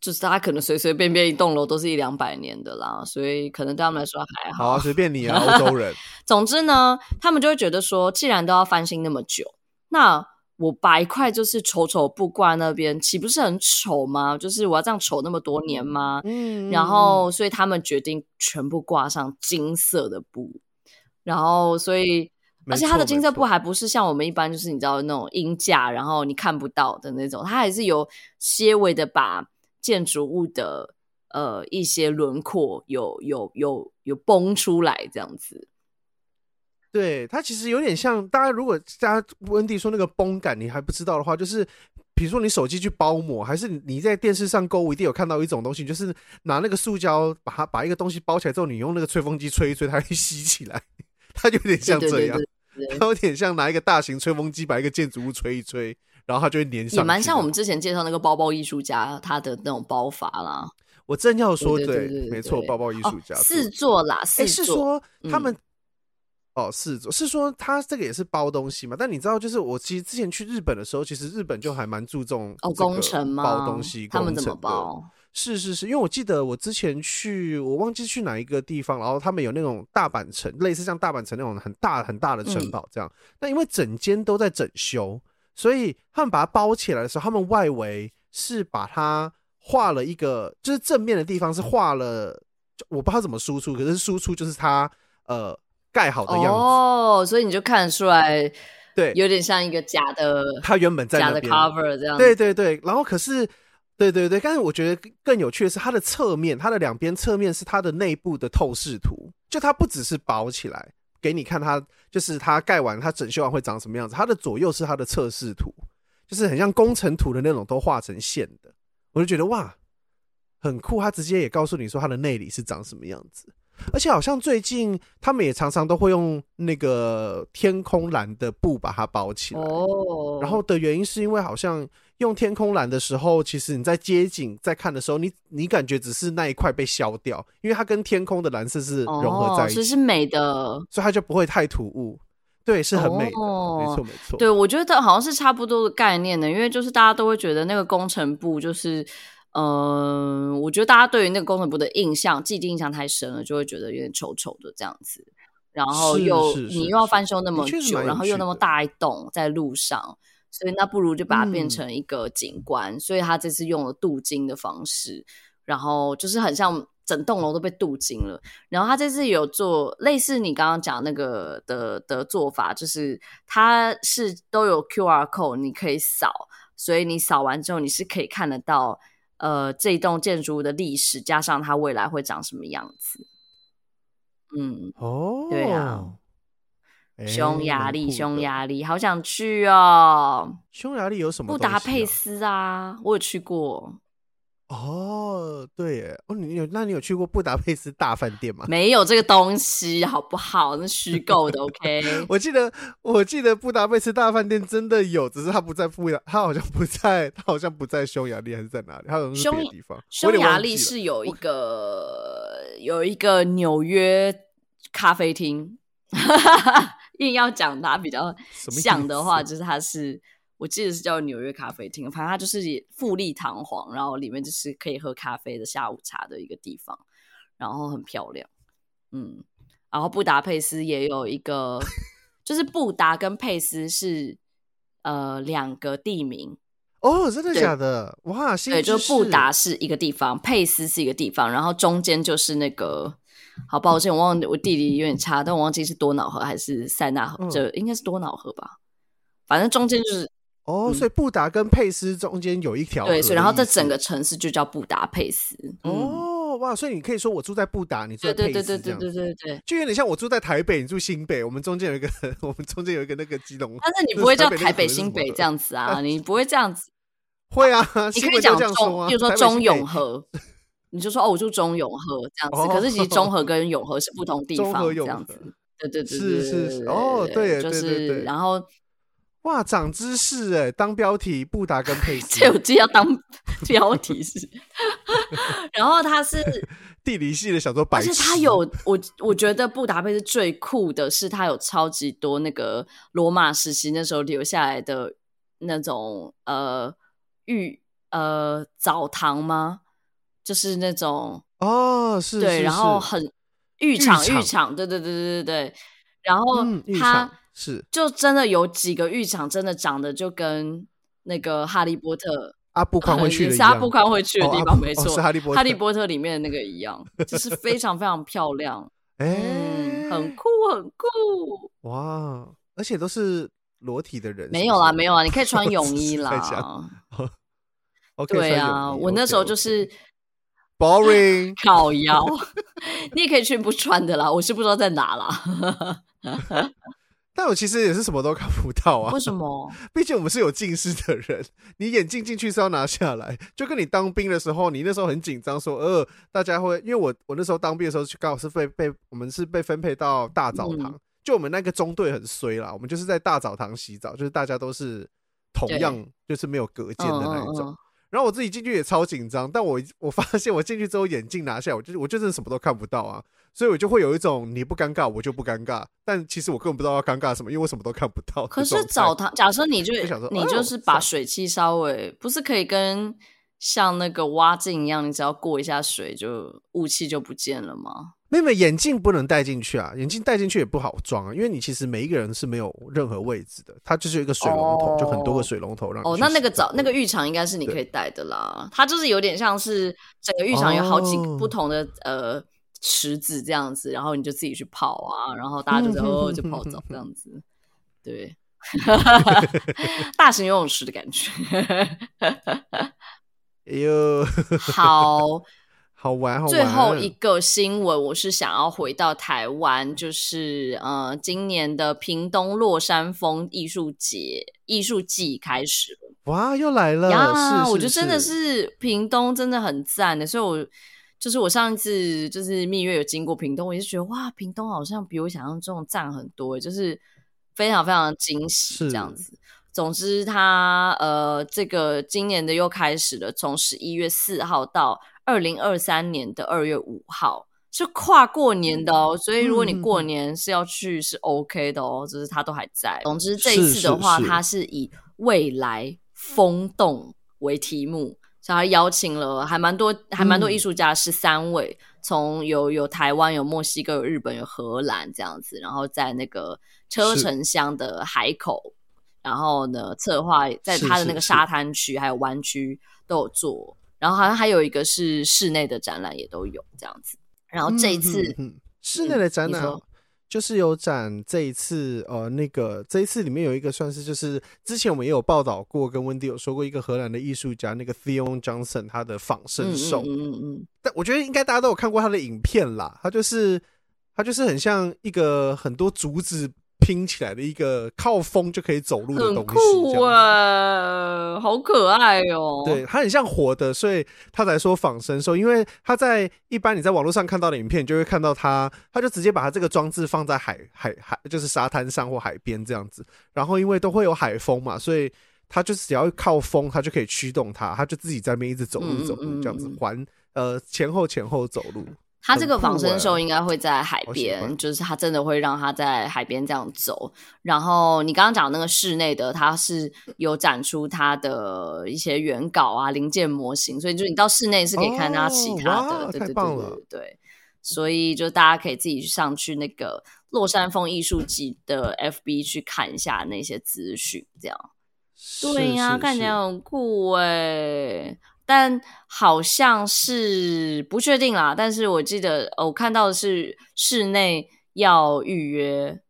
Speaker 1: 就是大家可能隨隨便便一棟樓都是一兩百年的啦，所以可能對他們來說還好。好啊，隨便你啊，歐洲人。 總之呢，他們就會覺得說，既然都要翻新那麼久，那我白塊就是醜醜布掛那邊，豈不是很醜嗎？就是我要這樣醜那麼多年嗎？嗯。然後，所以他們決定全部掛上金色的布，然後所以。而且它的金色布還不是像我們一般，就是你知道那種鷹架，然後你看不到的那種。它還是有些微的把建築物的呃一些輪廓有有有有繃出來這樣子。
Speaker 2: 對，它其實有點像大家如果大家，溫迪說那個繃感，你還不知道的話，就是比如說你手機去包膜，還是你在電視上購物一定有看到一種東西，就是拿那個塑膠把它把一個東西包起來之後，你用那個吹風機吹一吹，它會吸起來，它就有點像這樣。對對對對。他有點像拿一個大型吹風機把一個建築物吹一吹，然後它就會粘上。也蠻像我
Speaker 1: 們之前介紹那個包包藝術家他的那種包法啦。
Speaker 2: 我正要說對，沒錯，包包藝術家、哦、對四
Speaker 1: 座啦，是誒座是說他們、
Speaker 2: 嗯、哦四座是，是說他這個也是包東西嘛？但你知道，就是我其實之前去日本的時候，其實日本就還蠻注重哦工程嘛包東西，他們怎麼包？是是是，因為我記得我之前去，我忘記去哪一個地方，然後他們有那種大阪城，類似像大阪城那種很大很大的城堡這樣。那、嗯、因為整間都在整修，所以他們把它包起來的時候，他們外圍是把它畫了一個，就是正面的地方是畫了，我不知道怎麼輸出，可是輸出就是它呃蓋好的樣
Speaker 1: 子。哦，所以你就看得出來，對，有點像一個假的，對，假的它原本在假的 cover 這樣。對
Speaker 2: 對對，然後可是。對對對，但是我覺得更有趣的是它的側面，它的兩邊側面是它的內部的透視圖，就它不只是包起來給你看它，它就是它蓋完它整修完會長什麼樣子。它的左右是它的側視圖，就是很像工程圖的那種，都畫成線的。我就覺得哇，很酷，它直接也告訴你說它的內裡是長什麼樣子，而且好像最近他們也常常都會用那個天空藍的布把它包起來，Oh. 然後的原因是因為好像。用天空藍的時候，其實你在街景在看的時候，你你感覺只是那一塊被消掉，因為它跟天空的藍色是融合在一起，其實、哦、是，是
Speaker 1: 美的，
Speaker 2: 所以它就不會太突兀。對，是很美的，哦、沒錯沒錯。
Speaker 1: 對，我覺得好像是差不多的概念呢，因為就是大家都會覺得那個工程部就是，嗯、呃，我覺得大家對於那個工程部的印象，既定印象太深了，就會覺得有點醜丑的這樣子。然後又是是是是是你又要翻修那麼久，然後又那麼大一棟在路上。所以那不如就把它變成一個景觀，嗯，所以他這次用了鍍金的方式，然後就是很像整棟樓都被鍍金了。然後他這次有做類似你剛剛講那個的的做法，就是它是都有 QR code，你可以掃，所以你掃完之後你是可以看得到，呃，這一棟建築物的歷史加上它未來會長什麼樣子。
Speaker 2: 嗯，哦，對啊。欸、匈牙利，匈
Speaker 1: 牙利，好想去哦！匈牙利有什麼東西、啊？布達佩斯啊，我有去過。
Speaker 2: 哦，對耶，哦，你有？那你有去過布達佩斯大飯店嗎？
Speaker 1: 沒有這個東西，好不好？那虛構的。 OK。 我記得，我
Speaker 2: 記得布達佩斯大飯店真的有，只是他不在布達，他好像不在，他好像不在匈牙
Speaker 1: 利，還是在哪裡？他有什麼地方。匈牙利是有一個，我有一個紐約咖啡廳。 硬要講它比較像的話，就是它是，我記得是叫紐約咖啡廳，反正它就是富麗堂皇，然後裡面就是可以喝咖啡的下午茶的一個地方，然後很漂亮，嗯，然後布達佩斯也有一個， 就是布達跟佩斯是呃兩個地名哦，oh, 真的假的？對哇，新知識。對，就是、布達是一個地方，佩斯是一個地方，然後中間就是那個。好，抱歉，我忘，我地理有點差，但我忘記是多瑙河還是塞納河？這、嗯、應該是多瑙河吧。
Speaker 2: 反正中間就是，哦，嗯、所以布達跟佩斯中間有一條河，對，所以然後這整個
Speaker 1: 城市就叫布達佩斯。
Speaker 2: 嗯、哦，哇，所以你可以說我住在布達，你住在佩斯，對對對對對對對對，就有點像我住在台北，你住新北，我們中間有一個，我們中間有一個那個
Speaker 1: 基隆，但是你不會叫台北新北這樣子啊，啊你不會這樣子。啊會啊，啊你可以講中，比如說中永和。 你就說哦，我住中永和這樣子，哦、可是其實中和跟永和是不同地方，這樣子，對對，對對對，是是是，哦對，
Speaker 2: 就是然後哇，長知識哎，當標題，布達跟佩斯，這 我
Speaker 1: 記得要當標
Speaker 2: 題是，
Speaker 1: 然後他是 地
Speaker 2: 理系的小說白，但是他
Speaker 1: 有我我覺得布達佩斯最酷的，是它有超級多那個羅馬時期那時候留下來的那種呃浴呃澡堂嗎？就是那種
Speaker 2: 哦，是對，然後很
Speaker 1: 浴場，浴場，對對對對對對，然後他是就真的有幾個浴場，真的長得就跟那個哈利波特
Speaker 2: 阿布康會去的阿布康會去的地方沒錯，哈利
Speaker 1: 波特裡面的那個一樣，就是非常非常漂亮，哎，很酷很酷
Speaker 2: 哇，而且都是裸體的人，沒有啦沒有啊，你可以穿泳衣啦，對啊，
Speaker 1: 我那時候就是。Boring，烤腰， 你也可以全部穿的啦。我是不知道在哪啦。 但我其實也是什麼都
Speaker 2: 看不到啊。為什麼？畢竟我們是有近視的人，你眼鏡進去是要拿下來，就跟你當兵的時候，你那時候很緊張，說呃，大家會因為我我那時候當兵的時候去剛好是被被我們是被分配到大澡堂，嗯、就我們那個中隊很衰啦，我們就是在大澡堂洗澡，就是大家都是同樣就是沒有隔間的那一種。然後我自己進去也超緊張，但我我發現我進去之後眼鏡拿下來，我就我就是什麼都看不到啊，所以我就會有一種你不尷尬我就不尷尬，但其實我根本不知道要尷尬什麼，因為我什麼都看不到。
Speaker 1: 可是澡堂，假設你就，就想說你就是把水汽稍微、哎、呦不是可以跟像那個蛙鏡一樣，你只要過一下水就霧氣就不見了嗎？
Speaker 2: 妹妹，眼鏡不能戴進去啊，眼鏡戴進去也不好裝啊。因為你其實每一個人是沒有任何位置的，它就是一個水龍頭，oh. 就很多個水龍頭讓，哦，oh. oh, 那
Speaker 1: 那個澡那個浴場應該是你可以戴的啦。對它就是有點像是整個浴場有好幾個不同的、oh. 呃池子這樣子，然後你就自己去泡啊，然後大家就在、嗯嗯、哦就泡澡這樣子，對， 大型游泳池的感覺，
Speaker 2: 哎呦，好。好玩，好玩。最後一
Speaker 1: 個新聞，我是想要回到台灣，就是呃，今年的屏東落山風藝術節藝術季開始
Speaker 2: 了。哇，又來了呀！我覺得真的是
Speaker 1: 屏東真的很讚的，所以我就是我上一次就是蜜月有經過屏東，我就覺得哇，屏東好像比我想象中的讚很多，就是非常非常驚喜這樣子。是總之他，他呃，這個今年的又開始了，從十一月四號到。二零二三年的二月五號，是跨過年的哦，所以如果你過年是要去，是 OK 的哦。嗯、就是它都還在。總之這一次的話，它是以未來風動為題目，是是是，所以他邀請了還蠻多，還蠻多藝術家，是三位，嗯、從有有台灣、有墨西哥、有日本、有荷蘭這樣子，然後在那個車城鄉的海口，是然後呢，策劃在他的那個沙灘區還有灣區都有做。是是是然後好像還有一個是室內的展覽也都有這樣子，
Speaker 2: 然後這一次、嗯、哼哼室內的展覽、嗯、就是有展這一次呃那個這一次裡面有一個算是就是之前我們也有報道過，跟溫迪有說過一個荷蘭的藝術家那個 Theo Jansen 他的仿生獸，嗯嗯，嗯嗯，但我覺得應該大家都有看過他的影片啦，他就是他就是很像一個很多竹子。拼起來的一個靠風就可以走路的東西，哇，
Speaker 1: 啊，好可愛哦！對，它很像
Speaker 2: 活的，所以它才說仿生獸。因為他在一般你在網絡上看到的影片，你就會看到它，它就直接把它這個裝置放在海海海，就是沙灘上或海邊這樣子。然後因為都會有海風嘛，所以它就是只要靠風，它就可以驅動它，它就自己在那邊一直走路走路這樣子，環呃前後前後走路。
Speaker 1: 它這個仿生獸應該會在海邊，欸、就是它真的會讓它在海邊這樣走。然後你剛剛講那個室內的，它是有展出它的一些原稿啊、零件模型，所以就是你到室內是可以看它其他的，哦、對對對對對，對。所以就大家可以自己去上去那個洛杉磯藝術季的 FB 去看一下那些資訊，這樣。是是是對呀，啊，看起來很酷哎、欸。但好像是不確定啦，但是我記得我看到的是室內要預約，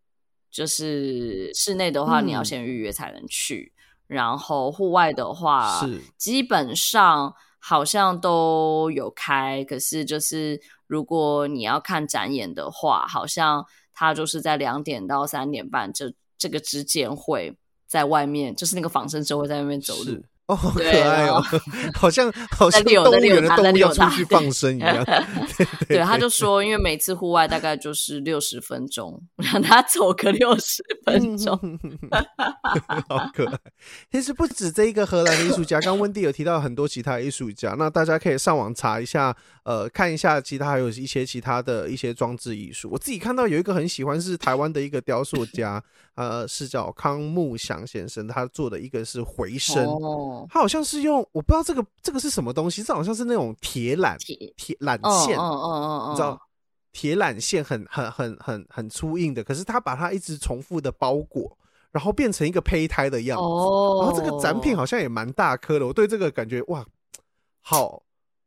Speaker 1: 就是室內的話你要先預約才能去，嗯、然後戶外的話基本上好像都有開，是可是就是如果你要看展演的話，好像它就是在兩點到三點半這這個之間會在外面，就是那個仿生獸會在外面走路。哦，oh, 對好可愛哦，
Speaker 2: 後好像好像動物園的動物要出去放生一樣。 對，
Speaker 1: 對，他就說，因為每次戶外大概就是六十分鐘， 讓他走個六十分鐘。 好
Speaker 2: 可愛！其實不止這一個荷蘭的藝術家， 剛剛溫蒂有提到很多其他藝術家，那大家可以上網查一下。呃，看一下，其他還有一些其他的一些裝置藝術。我自己看到有一個很喜歡，是台灣的一個雕塑家， 呃，是叫康木祥先生，他做的一個是回聲。Oh. 他好像是用，我不知道這個這個是什麼東西，這好像是那種鐵纜鐵纜線，oh. Oh. Oh. Oh. Oh. 你知道？鐵纜線很很很很很粗硬的，可是他把它一直重複的包裹，然後變成一個胚胎的樣子。Oh. 然後這個展品好像也蠻大顆的，我對這個感覺哇，好。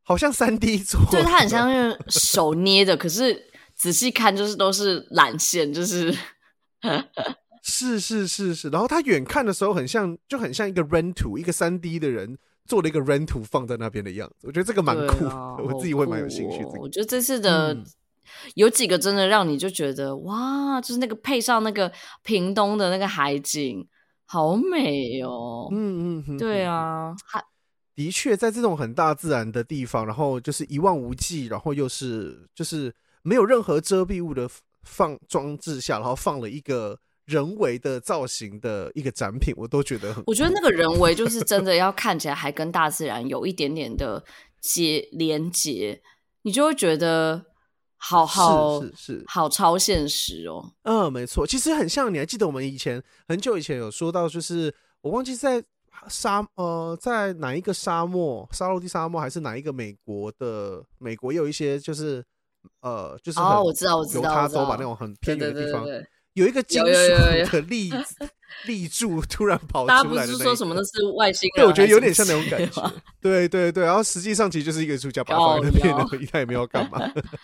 Speaker 2: 好像三 D 做，對，它很
Speaker 1: 像用手捏的， 可是仔細看就是都是纜線，就是
Speaker 2: 是是是是。然後他遠看的時候很像，就很像一個 render 圖，2, 一個三 D 的人做了一個 render 圖放在那邊的樣子。我覺得這個蠻酷，啊、我自己會蠻有興趣。的、哦。這個、我
Speaker 1: 覺得這次的、嗯、有幾個真的讓你就覺得哇，就是那個配上那個屏東的那個海景，好美哦。嗯嗯，嗯嗯對啊，還、嗯。嗯的確，在這種
Speaker 2: 很大自然的地方，然後就是一望無際，然後又是就是沒有任何遮蔽物的放裝置下，然後放了一個人為的造型的一個展品，我都覺得很。我覺得那個
Speaker 1: 人為就是真的要看起來還跟大自然有一點點的結連接，你就會覺得好好是是,是好超現實哦。嗯、呃，沒錯，其實很像。你還記得我們以前很久以前
Speaker 2: 有說到，就是我忘記在。沙呃，在哪一個沙漠？撒哈拉沙漠還是哪一個美國的？美國也有一些就是呃，就是很很哦，我知道，我知道，猶他州吧，那種很偏遠的地方，對對對對對，有一個金屬的立立柱突然跑出來， 大家不是說什
Speaker 1: 麼都是外星人？ 對，我覺得有點像那種感覺。
Speaker 2: 對對對，然後實際上其實就是一個出家八方那邊的， 他也沒有幹嘛。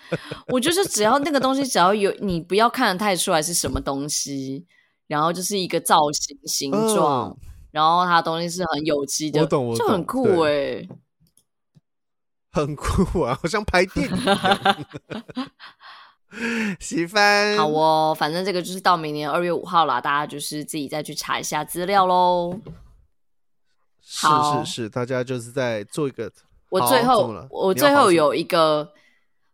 Speaker 1: 我覺得只要那個東西，只要有你不要看得太出來是什麼東西，然後就是一個造型形狀。嗯然後他東西是很有機的，我懂我懂，就很酷哎、欸，
Speaker 2: 很酷啊，好像拍電影，
Speaker 1: 喜歡 帆。好哦，反正這個就是到明年二月五號啦，大家就是自己再去查一下資料嘍。是是是，
Speaker 2: 好大家就是在做一個。
Speaker 1: 好我最後我最後有一個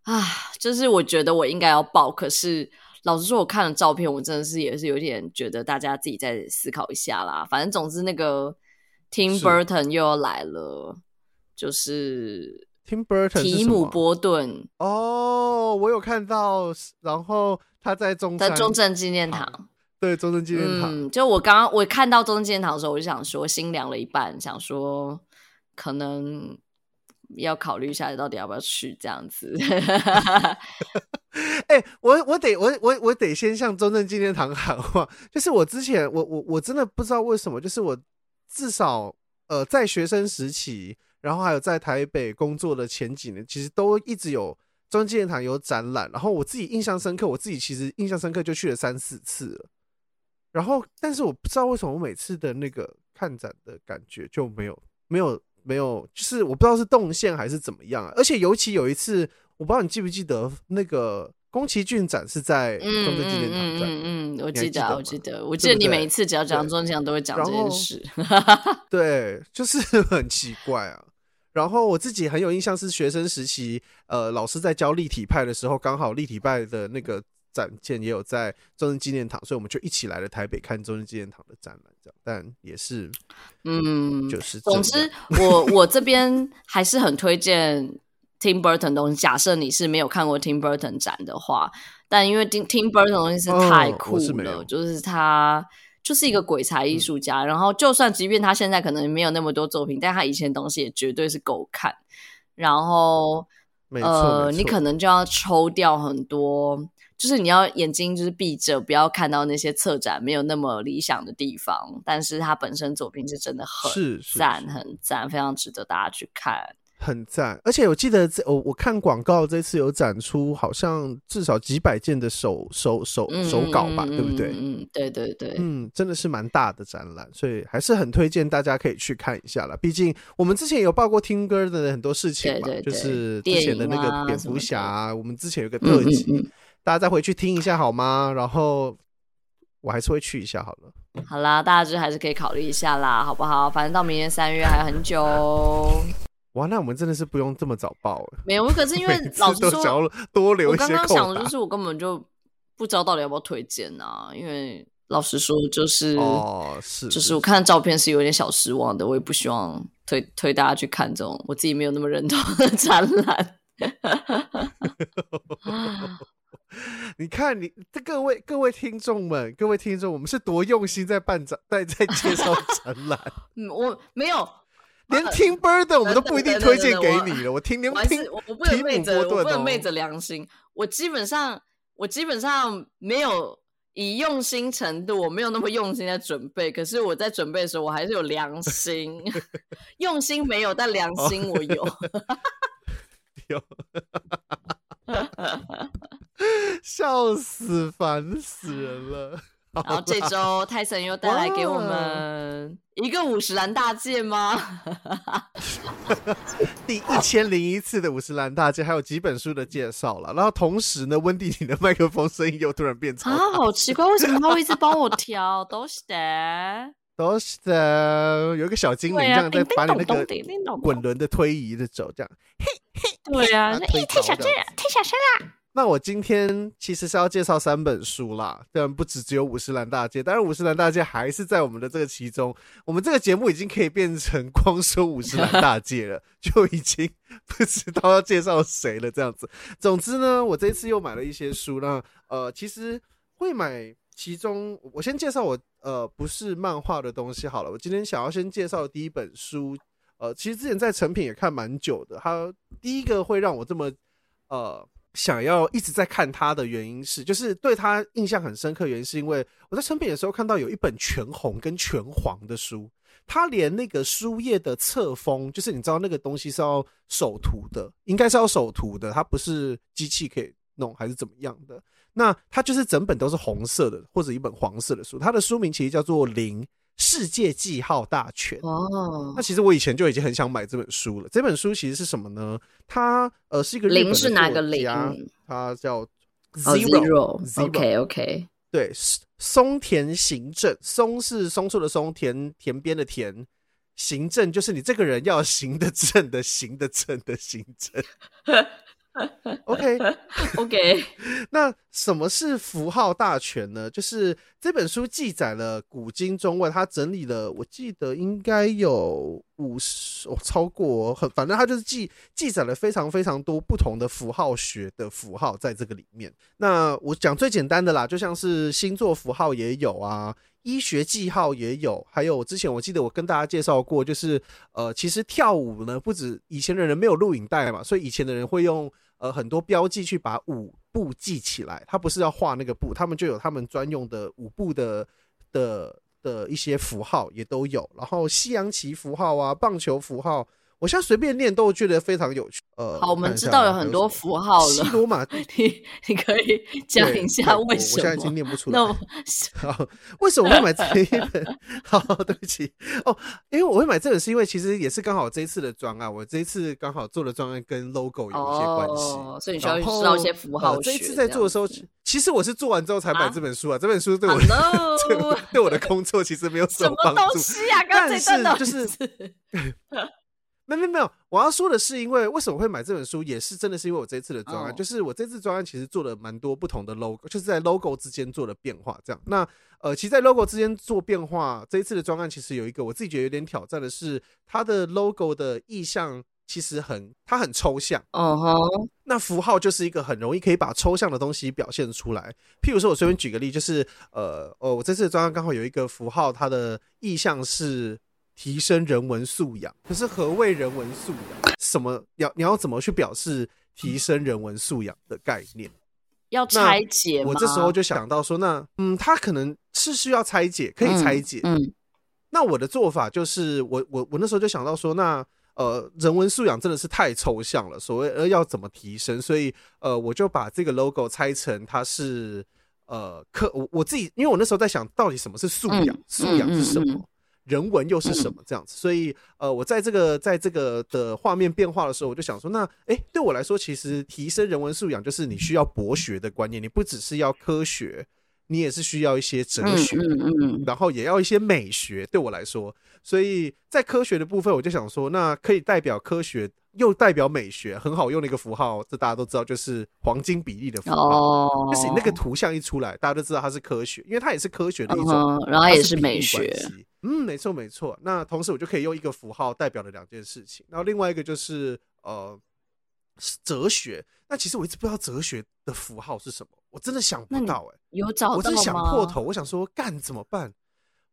Speaker 1: 啊，就是我覺得我應該要報，可是。老實說，我看的照片，我真的是也是有點覺得大家自己再思考一下啦。反正總之，那個 Tim Burton 是又要來了，就是 Tim Burton 提姆，什麼？·波頓。哦，我有看到，
Speaker 2: 然後他在中在中正紀念堂。啊，對，中正紀念堂。嗯。
Speaker 1: 就我剛剛我看到中正紀念堂的時候，我就想說心涼了一半，想說可能。要考慮一下，到底要不要去這樣子。
Speaker 2: 哎、 欸，我我得我我我得先向中正紀念堂喊話。就是我之前我我我真的不知道為什麼，就是我至少呃在學生時期，然後還有在台北工作的前幾年，其實都一直有中正紀念堂有展覽。然後我自己印象深刻，我自己其實印象深刻就去了三四次了。然後，但是我不知道為什麼，我每次的那個看展的感覺就沒有沒有。沒有，就是我不知道是動線還是怎麼樣啊。而且尤其有一次，我不知道你記不記得那個宮崎駿展是在中正紀念堂站，嗯。嗯
Speaker 1: 嗯，嗯，嗯我記得、啊，記得我記得，我記得你每一次只要講中正講都會講這件事
Speaker 2: 對。對，就是很奇怪啊。 然後我自己很有印象是學生時期呃，老師在教立體派的時候，剛好立體派的那個展件，也有在中正紀念堂，所以我們就一起來了台北看中正紀念堂的展覽。但也是，嗯，總之，我
Speaker 1: 我這邊還是很推薦 Tim Burton 的東西。假設你是沒有看過 Tim Burton 展的話，但因為 Tim Burton 的東西是太酷了，哦、是就是他就是一個鬼才藝術家。嗯、然後，就算即便他現在可能沒有那麼多作品，但他以前的東西也絕對是夠看。然後，沒錯，呃，沒錯，你可能就要抽掉很多。就是你要眼睛就是閉着，不要看到那些策展沒有那麼有理想的地方，但是它本身作品是真的很讚，是是是很讚，非常值得大家去看，
Speaker 2: 很讚。而且我記得我、哦、我看廣告這次有展出，好像至少幾百件的手手手手稿吧，嗯嗯嗯嗯，對不對？嗯，
Speaker 1: 對對對，
Speaker 2: 嗯，真的是蠻大的展覽，所以還是很推薦大家可以去看一下啦。畢竟我們之前有報過 Tim Burton 的很多事情嘛，對對對就是之前的那個蝙蝠俠、啊，啊、我們之前有個特輯、嗯嗯嗯。大家再回去聽一下好嗎？然後我還是會去一下，好了。
Speaker 1: 好啦，嗯、大家就還是可以考慮一下啦，好不好？反正到明年三月還有很久。哇，那
Speaker 2: 我們真的是不用這麼早報了。沒
Speaker 1: 有，可是因為老實說多留一些，我剛剛想的就是，我根本就不知道到底要不要推薦啊。因為老實說，就是哦，是，是，是,就是我看照片是有點小失望的。我也不希望推推大家去看這種，我自己沒有那麼認同的展覽。哈哈哈哈哈。
Speaker 2: 你看你，你各位各位聽眾們，各位聽眾，我們是多用心在辦展，在在介紹展覽。嗯
Speaker 1: 我沒有連聽 bird，我們都不一定推薦給你了。我聽連，連聽，我不能昧着，哦、我不能昧着良心。我基本上，我基本上沒有以用心程度，我沒有那麼用心在準備。可是我在準備的時候，我還是有良心， 用心沒有，但良心我有。 有。
Speaker 2: 笑死，煩死人了！然後這周哇
Speaker 1: 泰森又帶來給我們一個五十嵐大介嗎？
Speaker 2: 第一千零一次的五十嵐大介，還有幾本書的介紹了。然後同時呢，溫蒂你的麥克風聲音又突然變長
Speaker 1: 啊，好奇怪，為什麼他會一直幫我調？都是的。
Speaker 2: 都是的。有一個小精靈、啊、這樣在把你那個滾輪的推移的走，這樣。嘿嘿，
Speaker 1: 對啊，那太小聲，太小聲啦。
Speaker 2: 那我今天其實是要介紹三本書啦，雖然不只只有《五十嵐大介》，當然《五十嵐大介》還是在我們的這個其中。我們這個節目已經可以變成光說《五十嵐大介》了，就已經不知道要介紹誰了這樣子。總之呢，我這次又買了一些書，那呃，其實會買其中，我先介紹我呃不是漫畫的東西好了。我今天想要先介紹第一本書，呃，其實之前在誠品也看蠻久的，它第一個會讓我這麼呃。想要一直在看他的原因是，就是對他印象很深刻。原因是因為我在誠品的時候看到有一本全紅跟全黃的書，它連那個書頁的側封，就是你知道那個東西是要手塗的，應該是要手塗的，它不是機器可以弄還是怎麼樣的。那它就是整本都是紅色的，或者一本黃色的書，它的書名其實叫做《零》。世界記號大全哦，oh. 那其實我以前就已經很想買這本書了。這本書其實是什麼呢？它呃是一個零是哪個零？它叫 zero, oh, zero zero OK OK 對，松田行正松是松樹的松，田田邊的田，行政就是你這個人要行得正的行得正的行正。
Speaker 1: OK OK，
Speaker 2: 那什麼是符號大全呢？就是這本書記載了古今中外，他整理了，我記得應該有五十，哦、超過很，反正他就是記記載了非常非常多不同的符號學的符號在這個裡面。那我講最簡單的啦，就像是星座符號也有啊，醫學記號也有，還有之前我記得我跟大家介紹過，就是呃，其實跳舞呢，不止以前的人沒有錄影帶嘛，所以以前的人會用。呃，很多標記去把舞步記起來，他不是要畫那個步，他們就有他們專用的舞步的的的一些符號也都有，然後西洋棋符號啊，棒球符號。我現在隨便念都覺得非常有趣。呃，好，我們知道有很多符號了。西羅
Speaker 1: 馬，你你可以講一下為什麼？我現在已經念不出來。那好，為什麼我會買這一本？
Speaker 2: 好，對不起哦，因為我會買這本是因為其實也是剛好這一次的專案，我這一次剛好做的專案跟 logo 有一些關係，所以你需要知道一些符號。我這一次在做的時候，其實我是做完之後才買這本書啊。這本書對我，對對我的工作其實沒有什麼幫助。什麼東西啊剛才但是就是。沒沒沒有，我要說的是，因為為什麼會買這本書，也是真的是因為我這次的專案，oh. 就是我這次專案其實做了蠻多不同的 logo，就是在 logo 之間做了變化，這樣。那呃，其實，在 logo 之間做變化，這一次的專案其實有一個我自己覺得有點挑戰的是，它的 logo 的意象其實很，它很抽象，uh huh. 嗯好，那符號就是一個很容易可以把抽象的東西表現出來。譬如說，我隨便舉個例，就是呃，我、哦、我這次的專案剛好有一個符號，它的意象是。提升人文素養，可是何謂人文素養？什麼你要你要怎麼去表示提升人文素養的概念？
Speaker 1: 要拆解嗎？我這時候就
Speaker 2: 想到說，那嗯，他可能是需要拆解，可以拆解嗯。嗯，那我的做法就是，我我我那時候就想到說，那呃，人文素養真的是太抽象了。所謂呃，要怎麼提升？所以呃，我就把這個 logo 拆成它是呃課，我我自己，因為我那時候在想到底什麼是素養？嗯、素養是什麼？嗯嗯嗯人文又是什麼這樣子？所以，呃，我在這個在這個的畫面變化的時候，我就想說，那，哎、欸，對我來說，其實提升人文素養就是你需要博學的觀念，你不只是要科學。你也是需要一些哲學，嗯嗯嗯、然後也要一些美學。對我來說，所以在科學的部分，我就想說，那可以代表科學又代表美學很好用的一個符號，這大家都知道，就是黃金比例的符號。就是你那個圖像一出來，大家都知道它是科學，因為它也是科學的一種，嗯、然後它也是美學是。嗯，沒錯，沒錯。那同時，我就可以用一個符號代表了兩件事情。然後另外一個就是呃哲學。那其實我一直不知道哲學的符號是什麼。我真的想不到哎、欸，有找到嗎？我真的想破頭，我想說幹怎麼辦？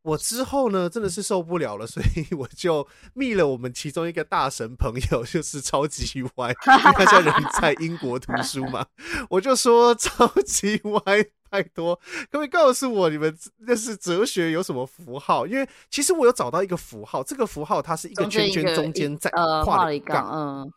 Speaker 2: 我之後呢，真的是受不了了，所以我就密了我們其中一個大神朋友，就是超級歪， 因為他現在人在英國讀書嘛。 我就說超級歪，拜托，各位告訴我你們，這是哲學有什麼符號？因為其實我有找到一個符號，這個符號它是一個圈圈中間在畫、呃、了一槓，嗯。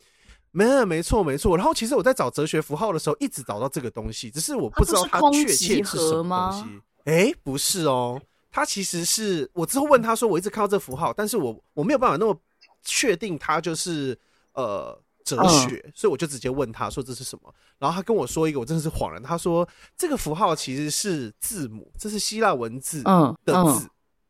Speaker 2: 沒有，沒錯，沒錯。然後其實我在找哲學符號的時候，一直找到這個東西，只是我不知道它確切是什麼東西。哎、欸，不是哦，它其實是我之後問他說，我一直看到這符號，但是我我沒有辦法那麼確定它就是呃哲學，嗯、所以我就直接問他說這是什麼。然後他跟我說一個，我真的是恍然，他說這個符號其實是字母，這是希臘文字的字。嗯嗯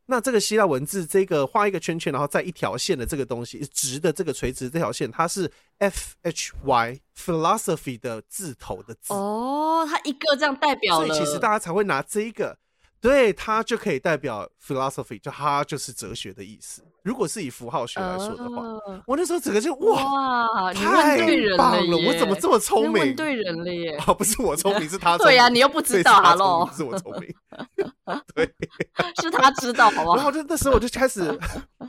Speaker 2: 那這個希臘文字，這個畫一個圈圈，然後在一條線的這個東西，直的這個垂直這條線，它是 F H Y Philosophy 的字頭的字。
Speaker 1: 哦，它一個這樣代表了，所以其實大
Speaker 2: 家才會拿這一個。對它就可以代表 philosophy，就它就是哲學的意思。如果是以符號學來說的
Speaker 1: 話，oh. 我那時候整個就哇，wow, 太棒了！對人了耶，我怎麼這麼聰明？對人了耶！啊，
Speaker 2: 不是我聰明，Yeah. 是他聰明。 對呀、啊，你又不知道嘍？不是我
Speaker 1: 聰明。對，是他知道，好不好？然後就那
Speaker 2: 時候我就開始，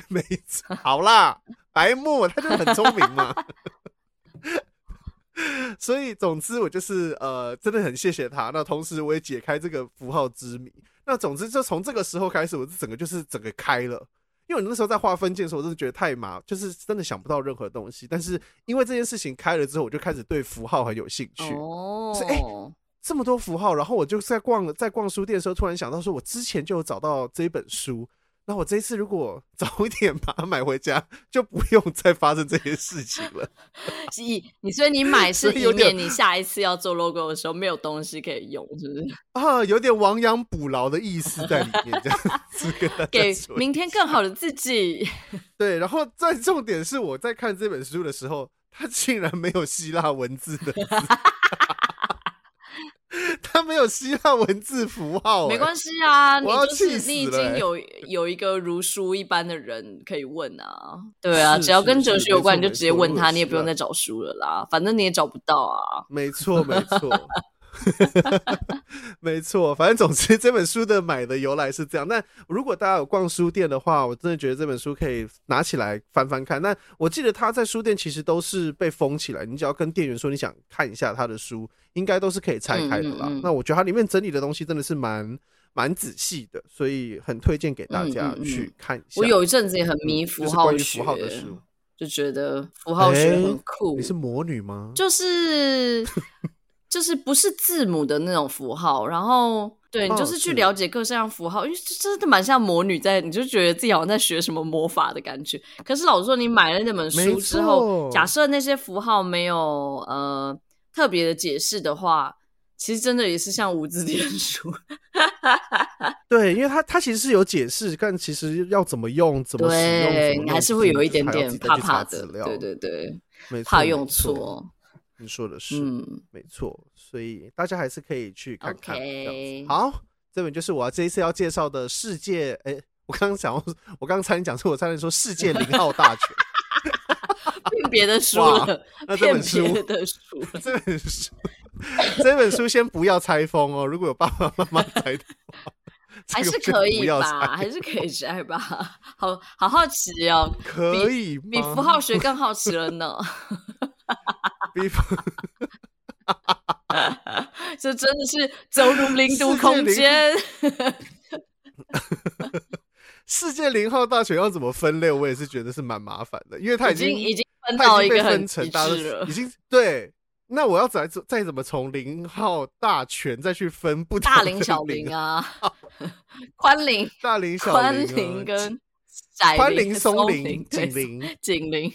Speaker 2: 沒錯，好啦，白目，他就很聰明嘛。 所以總之，我就是呃，真的很謝謝他。那同時，我也解開這個符號之謎。那總之，就從這個時候開始，我整個就是整個開了，因為我那時候在畫分鏡的時候，我真的覺得太麻，就是真的想不到任何東西。但是因為這件事情開了之後，我就開始對符號很有興趣。哦，是哎、欸，這麼多符號，然後我就在逛，在逛書店的時候，突然想到說，我之前就有找到這一本書。那我這一次如果早一點把它買回家，就不用再發生這些事情
Speaker 1: 了。 你，所以你買是有點，你下一次要做 logo 的時候沒有東西可以用，是
Speaker 2: 不是？啊，有點亡羊補牢的意思在裡面，
Speaker 1: 這樣子給明天更好的自己。
Speaker 2: 對，然後再重點是我在看這本書的時候，它竟然沒有希臘文字的字。 他沒
Speaker 1: 有希臘文字符號，欸，沒關係啊。 我要氣死了欸，你就是你已經有有一個如書一般的人可以問啊。對啊，是是是，只要跟哲學有關，是是你就直接問他，你也不用再找書了啦。啊，反正你也找不到啊。沒錯，沒錯。
Speaker 2: 沒錯，反正總之這本書的買的由來是這樣。那如果大家有逛書店的話，我真的覺得這本書可以拿起來翻翻看。那我記得他在書店其實都是被封起來，你只要跟店員說你想看一下他的書，應該都是可以拆開的啦。嗯嗯嗯，那我覺得它裡面整理的東西真的是蠻蠻仔細的，所以很推薦給大家去看一下。嗯嗯嗯，我有一陣子也很迷符號學、嗯就是、關於符號的書，
Speaker 1: 就覺得符號學很酷。欸、你是魔女嗎？就是。 就是不是字母的那種符號，然後，對，你就是去了解各項符號，因為真的蠻像魔女在，你就覺得自己好像在學什麼魔法的感覺。可是老實說，你買了那本書之後，錯假設那些符號沒有呃特別的解釋的話，其實真的也是像無字天書。
Speaker 2: 對，因為它它其實是有解釋，但其實要怎麼用、怎麼使用，對用你還是會有一點點怕怕的。對
Speaker 1: 對對，錯怕用錯。
Speaker 2: 你說的是，嗯、沒錯，所以大家還是可以去看看。Okay 好，這本就是我這一次要介紹的世界。哎、欸，我剛剛講，我剛剛差點講錯，差點說《世界零號大全》。
Speaker 1: 騙別的書了，騙別的書，片片的這本書，這本書，
Speaker 2: 這本書先不要拆封哦。如果有爸爸媽媽拆的話， 還是可以吧？還是可
Speaker 1: 以拆吧？好好好奇哦、喔，可以比符號學更好奇了呢。 比方、 啊，這真的是走入零度空間。
Speaker 2: 世界記號大全要怎麼分類？我也是覺得是蠻麻煩的，因為它已經已經，已經分到經，分一個分成大了，已經對。那我要再再怎麼從記號大全再去
Speaker 1: 分不大林、小林啊，寬好林、大林、小林、啊、寬林跟窄林、林鬆林、緊鄰緊鄰。林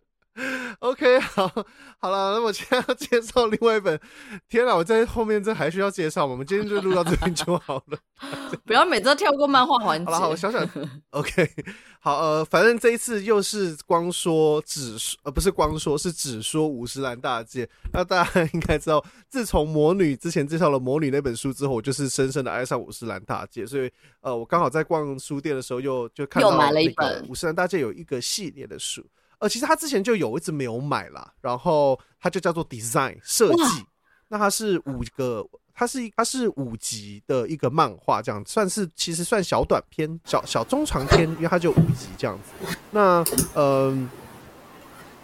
Speaker 2: OK，好，好了，那我今天要介紹另外一本。天哪，我在後面這還需要介紹嗎？我們今天就錄到這邊就好了，
Speaker 1: 不要每次都跳過漫畫環節。好了，好，我想想。
Speaker 2: OK，好，呃，反正這一次又是光說只說呃不是光說是只說《五十嵐大介》。那大家應該知道，自從魔女之前介紹了魔女那本書之後，我就是深深的愛上《五十嵐大介》。所以，呃，我剛好在逛書店的時候，又就看到了一本《五十嵐大介》有一個系列的書。呃，其實他之前就有一直沒有買啦，然後它就叫做 design 設計，那它是五個，它是一它是五集的一個漫畫，這樣算是其實算小短篇，小小中長篇，因為它就五集這樣子。那嗯、呃，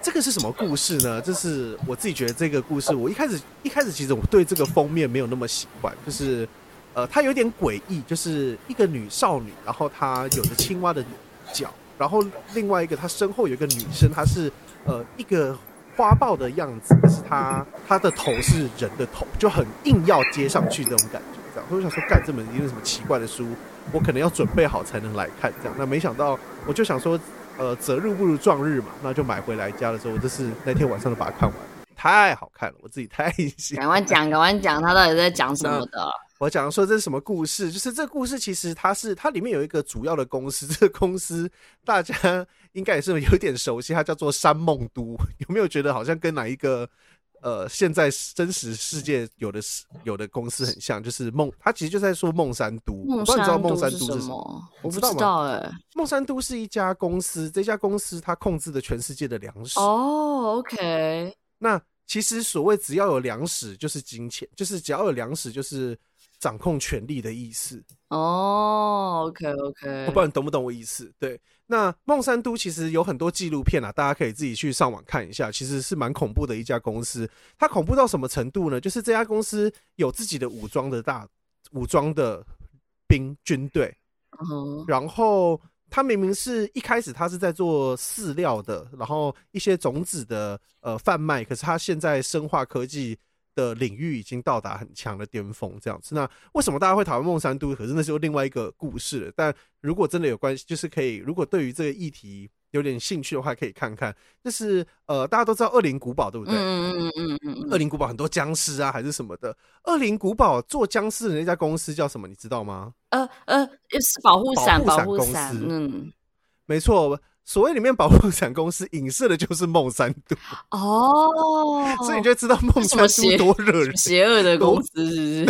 Speaker 2: 這個是什麼故事呢？就是我自己覺得這個故事，我一開始一開始其實我對這個封面沒有那麼喜歡，就是呃，它有點詭異，就是一個女少女，然後她有着青蛙的腳。然後另外一個，他身後有一個女生，她是呃一個花豹的樣子，但是她她的頭是人的頭，就很硬要接上去這種感覺，這樣。所以我想說，幹這麼一本什麼奇怪的書，我可能要準備好才能來看，這樣。那沒想到，我就想說，呃，擇日不如撞日嘛，那就買回來家的時候，我就是那天晚上就把它看完，太好看了，我自己太喜歡
Speaker 1: 了。趕快講，趕快講，他到底在講什麼的？
Speaker 2: 我講說這是什麼故事？就是這故事其實它是它裡面有一個主要的公司，這個公司大家應該也是有點熟悉，它叫做山夢都。有沒有覺得好像跟哪一個呃現在真實世界有的有的公司很像？就是夢，它其實就在說夢山都。我不知道夢山都是什麼？我不知道欸。夢山都是一家公司，這家公司它控制的全世界的糧食。哦，OK。那其實所謂只要有糧食就是金錢，就是只要有糧食就是。掌控權力的意思
Speaker 1: 哦，oh，OK OK，我不知道你
Speaker 2: 懂不懂我意思。對，那孟山都其實有很多紀錄片啊，大家可以自己去上網看一下，其實是蠻恐怖的一家公司。它恐怖到什麼程度呢？就是這家公司有自己的武裝的大武裝的兵軍隊，uh huh. 然後他明明是一開始他是在做飼料的，然後一些種子的呃販賣，可是他現在生化科技的領域已經到達很強的巔峰，這樣子。那為什麼大家會討論孟山都？可是那是另外一個故事了。但如果真的有關係，就是可以。如果對於這個議題有點興趣的話，可以看看。就是呃，大家都知道惡靈古堡對不對？嗯嗯嗯嗯嗯。惡靈古堡很多殭屍啊，還是什麼的。惡靈古堡做殭屍的那家公司叫什麼？你知道嗎？
Speaker 1: 呃呃，是保護傘保護傘公司。嗯，
Speaker 2: 沒錯。所謂裡面保護傘公司，影射的就是孟山都
Speaker 1: 哦，oh, 所以你就知道孟山都多惹人，邪惡的公司，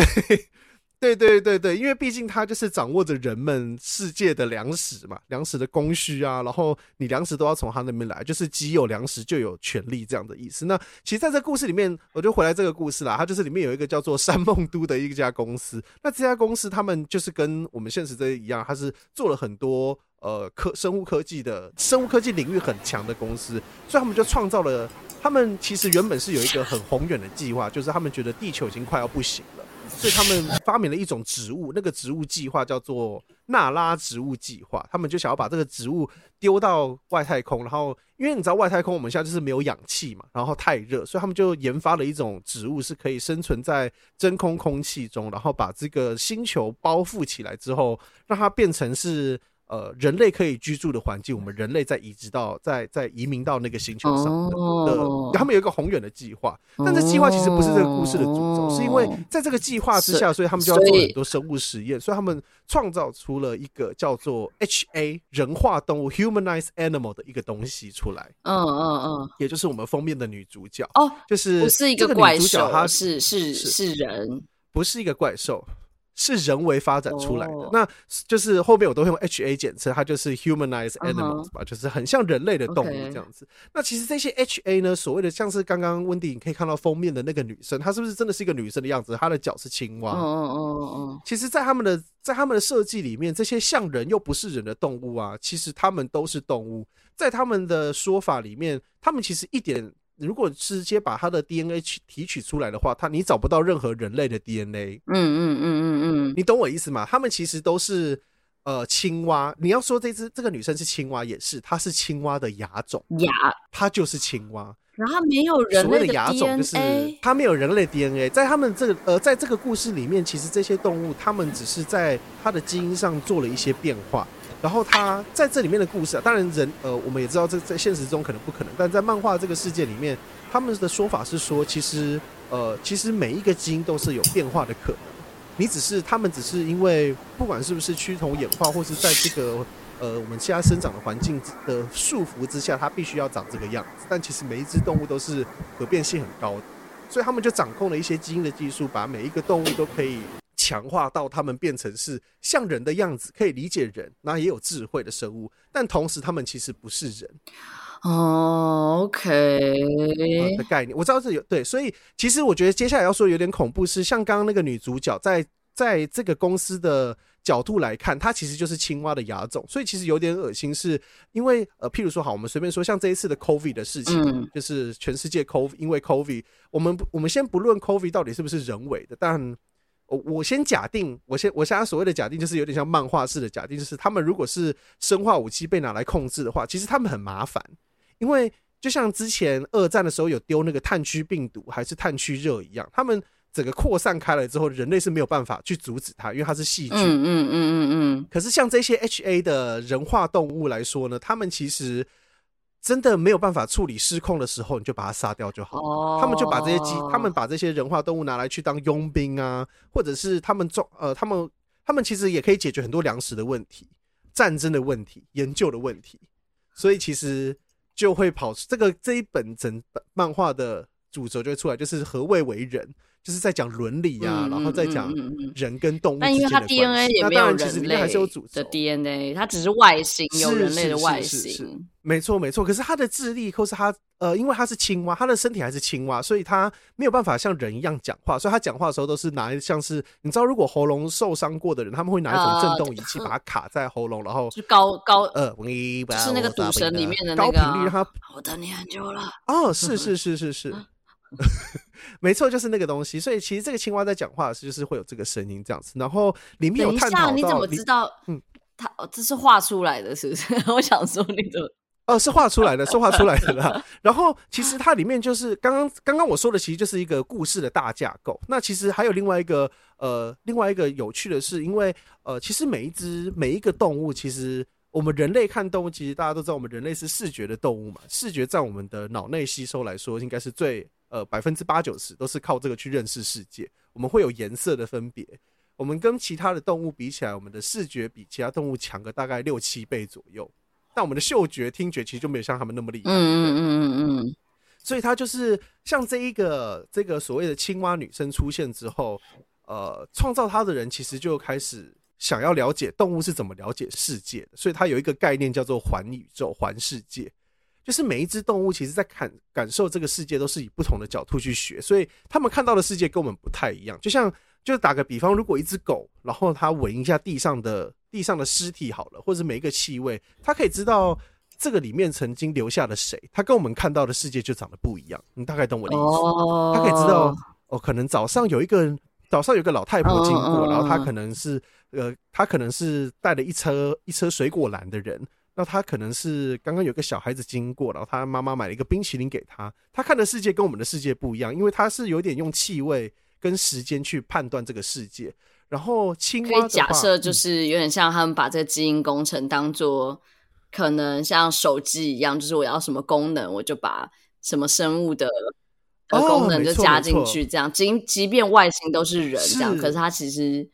Speaker 2: 對對對對，因為畢竟它就是掌握着人們世界的糧食嘛，糧食的供需啊，然後你糧食都要從它那邊來，就是既有糧食就有權力這樣的意思。那其實在這故事裡面，我就回來這個故事啦，它就是裡面有一個叫做山孟都的一家公司，那這家公司他們就是跟我們現實的一樣，它是做了很多。呃，科生物科技的生物科技領域很強的公司，所以他們就創造了。他們其實原本是有一個很宏遠的計劃，就是他們覺得地球已經快要不行了，所以他們發明了一種植物，那個植物計劃叫做“納拉植物計劃”。他們就想要把這個植物丟到外太空，然後因為你知道外太空我們現在就是沒有氧氣嘛，然後太熱，所以他們就研發了一種植物是可以生存在真空空氣中，然後把這個星球包覆起來之後，讓它變成是。呃，人類可以居住的環境，我們人類在移植到、在在移民到那個星球上的，哦、的他們有一個宏遠的計劃，但這計劃其實不是這個故事的主軸，哦、是因為在這個計劃之下，是所以他們就要做很多生物實驗，所以，所以他們創造出了一個叫做 H A 人化動物 Humanized Animal 的一個東西出來，
Speaker 1: 嗯嗯嗯，
Speaker 2: 嗯嗯也就是我們封面的女主角，哦，就是個，不是一個怪獸，她是是是人，不是一個怪獸。是人為發展出來的，oh. 那就是後面我都會用 H A 檢測，它就是 humanized animals、uh huh. 吧，就是很像人類的動物這樣子。Okay. 那其實這些 H A 呢，所謂的像是剛剛溫迪你可以看到封面的那個女生，她是不是真的是一個女生的樣子？她的腳是青蛙。Oh, oh, oh, oh. 其實在，在他們的在他們的設計裡面，這些像人又不是人的動物啊，其實他們都是動物。在他們的說法裡面，他們其實一點。如果直接把它的 DNA 提取出來的話，它你找不到任何人類的 DNA。嗯。嗯嗯嗯嗯嗯，嗯你懂我意思嗎？他們其實都是呃青蛙。你要說這只這個女生是青蛙也是，她是青蛙的亞種。亞，她就是青蛙，
Speaker 1: 然後沒有人類的亞種就是
Speaker 2: 她沒有人類 DNA。在他們這個呃在這個故事裡面，其實這些動物它們只是在它的基因上做了一些變化。然後他在這裡面的故事，啊，當然人呃我們也知道這在現實中可能不可能，但在漫畫這個世界裡面，他們的說法是說，其實呃其實每一個基因都是有變化的可能，你只是他們只是因為不管是不是趨同演化，或是在這個呃我們家生長的環境的束縛之下，它必須要長這個樣子，但其實每一只動物都是可變性很高的，所以他們就掌控了一些基因的技術，把每一個動物都可以。強化到他們變成是像人的樣子，可以理解人，那也有智慧的生物，但同時他們其實不是人。
Speaker 1: OK 概念。
Speaker 2: Okay. 我知道是有對，所以其實我覺得接下來要說有點恐怖是，像剛剛那個女主角在在這個公司的角度來看，她其實就是青蛙的亞種，所以其實有點噁心，是因為呃，譬如說好，我們隨便說，像這一次的 COVID 的事情，嗯、就是全世界 COVID 因為 COVID 我們我們先不論 COVID 到底是不是人為的，但。我我先假定，我先我現在所謂的假定，就是有點像漫畫式的假定，就是他們如果是生化武器被拿來控制的話，其實他們很麻煩，因為就像之前二戰的時候有丟那個炭疽病毒，還是炭疽熱一樣，他們整個擴散開來之後，人類是沒有辦法去阻止它，因為它是細菌。嗯。嗯嗯嗯嗯。嗯嗯可是像這些 H A 的人化動物來說呢，他們其實。真的沒有辦法處理失控的時候，你就把它殺掉就好。
Speaker 1: 他們就把這些雞，他
Speaker 2: 們把這些人化動物拿來去當傭兵啊，或者是他們做呃，他們他們其實也可以解決很多糧食的問題、戰爭的問題、研究的問題。所以其實就會跑這個這一本整本漫畫的主軸就會出來，就是何謂為人。就是在講倫理呀，啊，嗯、然後在講人跟動物。那因為他 DNA 也沒有人類的 DNA，它只是外形
Speaker 1: 有人類的外形，是是是是是。
Speaker 2: 沒錯沒錯，可是它的智力或是它呃，因為它是青蛙，它的身體還是青蛙，所以它沒有辦法像人一樣講話。所以它講話的時候都是拿像是你知道，如果喉嚨受傷過的人，他們會拿一種震動儀器把它卡在喉嚨，呃、然後就是
Speaker 1: 高高呃，就是
Speaker 2: 那個賭神裡面的，那個，高頻率，他我等你很
Speaker 1: 久了哦，是
Speaker 2: 是是是是，嗯。 沒錯，就是那個東西。所以其實這個青蛙在講話的時候，就是會有這個聲音這樣子。然後裡面有看到，你怎麼知道？
Speaker 1: 嗯，它這是畫出來的，是不是？ 我想說，你
Speaker 2: 怎麼？哦，是畫出來的，是畫出來的啦。然後其實它裡面就是剛剛剛剛我說的，其實就是一個故事的大架構。那其實還有另外一個呃，另外一個有趣的是，因為呃，其實每一隻每一個動物，其實我們人類看動物，其實大家都知道，我們人類是視覺的動物嘛。視覺在我們的腦內吸收來說，應該是最。呃，百分之八九十都是靠這個去認識世界。我們會有顏色的分別，我們跟其他的動物比起來，我們的視覺比其他動物強個大概六七倍左右，但我們的嗅覺、聽覺其實就沒有像他們那麼厲害。對對嗯嗯嗯嗯，所以它就是像這一個這個所謂的青蛙女生出現之後，呃，創造它的人其實就開始想要了解動物是怎麼了解世界的，所以它有一個概念叫做“環宇宙、環世界”。就是每一隻動物，其實在感感受這個世界，都是以不同的角度去學，所以他們看到的世界跟我們不太一樣。就像，就打個比方，如果一隻狗，然後它聞一下地上的地上的屍體，好了，或者是每一個氣味，它可以知道這個裡面曾經留下了誰。它跟我們看到的世界就長得不一樣。你大概懂我的意思。它可以知道，哦，可能早上有一個人，早上有個老太婆經過，然後她可能是，呃，她可能是帶了一車一車水果籃的人。那他可能是剛剛有個小孩子經過，然後他媽媽買了一個冰淇淋給他。他看的世界跟我們的世界不一樣，因為他是有點用氣味跟時間去判斷這個世界。然後青蛙的話，可以假設就
Speaker 1: 是有點像他們把這個基因工程當做可能像手機一樣，就是我要什麼功能我就把什麼生物的功能就加進去，這樣即即便外星都是人這樣，是可是他其實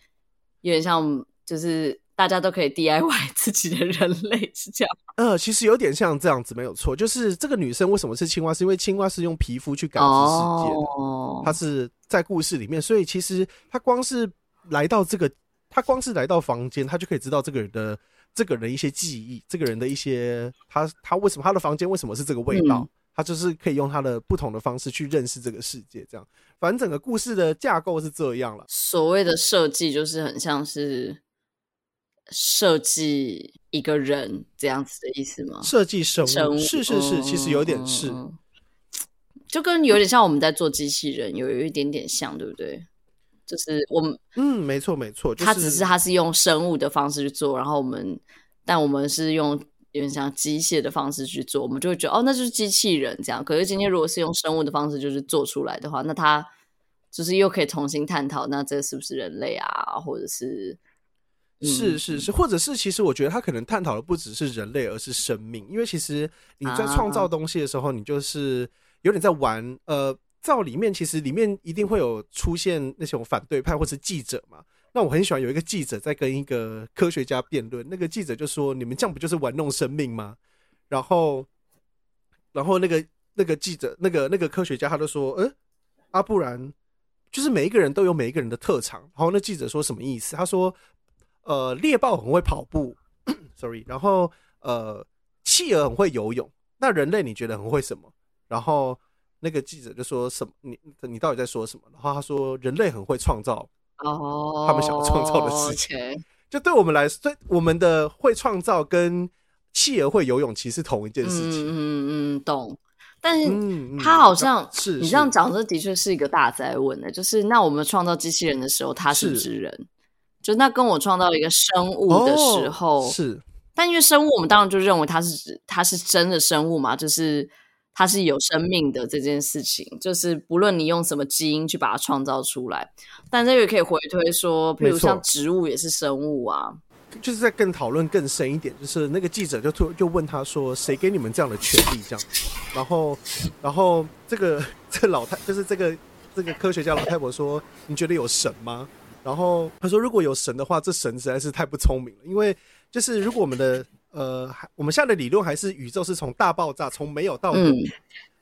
Speaker 1: 有點像就是。大家都可以 DIY 自己的人類是這樣？
Speaker 2: 呃，其實有點像這樣子，沒有錯。就是這個女生為什麼是青蛙？是因為青蛙是用皮膚去感知世界的。哦，她是在故事裡面，所以其實她光是來到這個，她光是來到房間，她就可以知道這個人的、這個人的一些記憶，這個人的一些，他他為什麼他的房間為什麼是這個味道？他、嗯、就是可以用他的不
Speaker 1: 同的方式去認識這個世界。這樣，反正整個故事的架構是這樣了。所謂的設計，就是很像是。設計一個人這樣子的意思嗎？設計生物，生物是是是，嗯、其實有點是，就跟有點像我們在做機器人，有有一點點像，對不對？就是我們嗯，沒錯沒錯，就是、它只是它是用生物的方式去做，然後我們但我們是用有點像機械的方式去做，我們就會覺得哦，那就是機器人這樣。可是今天如果是用生物的方式就是做出來的話，嗯、那它就是又可以重新探討，那這是不是人類啊，或者是？嗯、是是是，
Speaker 2: 或者是其實我覺得他可能探討的不只是人類，而是生命。因為其實你在創造東西的時候，啊、你就是有點在玩。呃，造裡面其實裡面一定會有出現那種反對派或是記者嘛。那我很喜歡有一個記者在跟一個科學家辯論，那個記者就說：“你們這樣不就是玩弄生命嗎？”然後，然後那個那個記者、那個那個科學家，他就說：“嗯、欸，啊，不然就是每一個人都有每一個人的特長。”然後那記者說什麼意思？他說。呃，獵豹很會跑步，sorry， 然後呃，企鵝很會游泳。那人類你覺得很會什麼？然後那個記者就說：“什麼？你你到底在說什麼？”然後他說：“人類很會創造，
Speaker 1: 哦，他們想要創造的事情，oh, okay.
Speaker 2: 就對我們來說，對我們的會創造跟企鵝會游泳其實同一件事情。嗯”嗯嗯懂，
Speaker 1: 但是、嗯嗯、他好像、啊、是，是你這樣講，這的確是一個大哉問的、欸，就是那我們創造機器人的時候，他是，是人。是就那跟我創造一個生物的時候、哦、是，但因為生物我們當然就認為它是它是真的生物嘛，就是它是有生命的這件事情，就是不論你用什麼基因去把它創造出來，但這個也可以回推說，比如像植物也是生物啊。
Speaker 2: 就是再更討論更深一點，就是那個記者就突就問他說，誰給你們這樣的權利這樣子？然後然後這個這老太就是這個這個科學家老太婆說，你覺得有神嗎？然後他說：“如果有神的話，這神實在是太不聰明了。因為就是如果我們的呃，我們現在的理論還是宇宙是從大爆炸從沒有到有，嗯、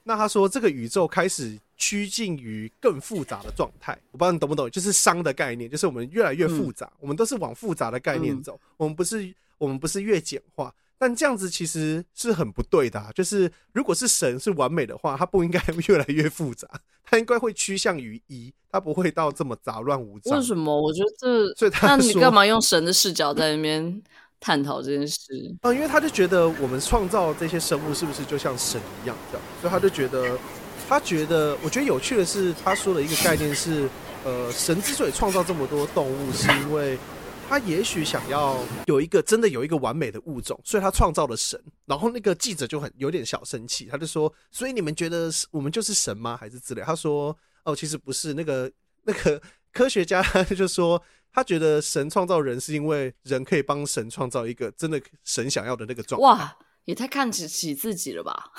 Speaker 2: 那他說這個宇宙開始趨近於更複雜的狀態。我不知道你懂不懂，就是熵的概念，就是我們越來越複雜，嗯、我們都是往複雜的概念走，嗯、我們不是我們不是越簡化。”但這樣子其實是很不對的啊，就是如果是神是完美的話，它不應該越來越複雜，它應該會趨向於一，它不會到這麼雜亂無章。為什麼？我覺
Speaker 1: 得這個……所以他那你幹嘛用神的視角在那邊探討這件事？嗯，因為他
Speaker 2: 就覺得我們創造這些生物是不是就像神一樣這樣。所以他就覺得，他覺得，我覺得有趣的是，他說的一個概念是，呃，神之所以創造這麼多動物，是因為。他也許想要有一個真的有一個完美的物種，所以他創造了神。然後那個記者就很有點小生氣，他就說：“所以你們覺得我們就是神嗎？還是之類的？”他說：“哦，其實不是。”那個那個科學家就說：“他覺得神創造人是因為人可以幫神創造一個真的神想要的那個狀態。”哇！也太看起起自己了吧，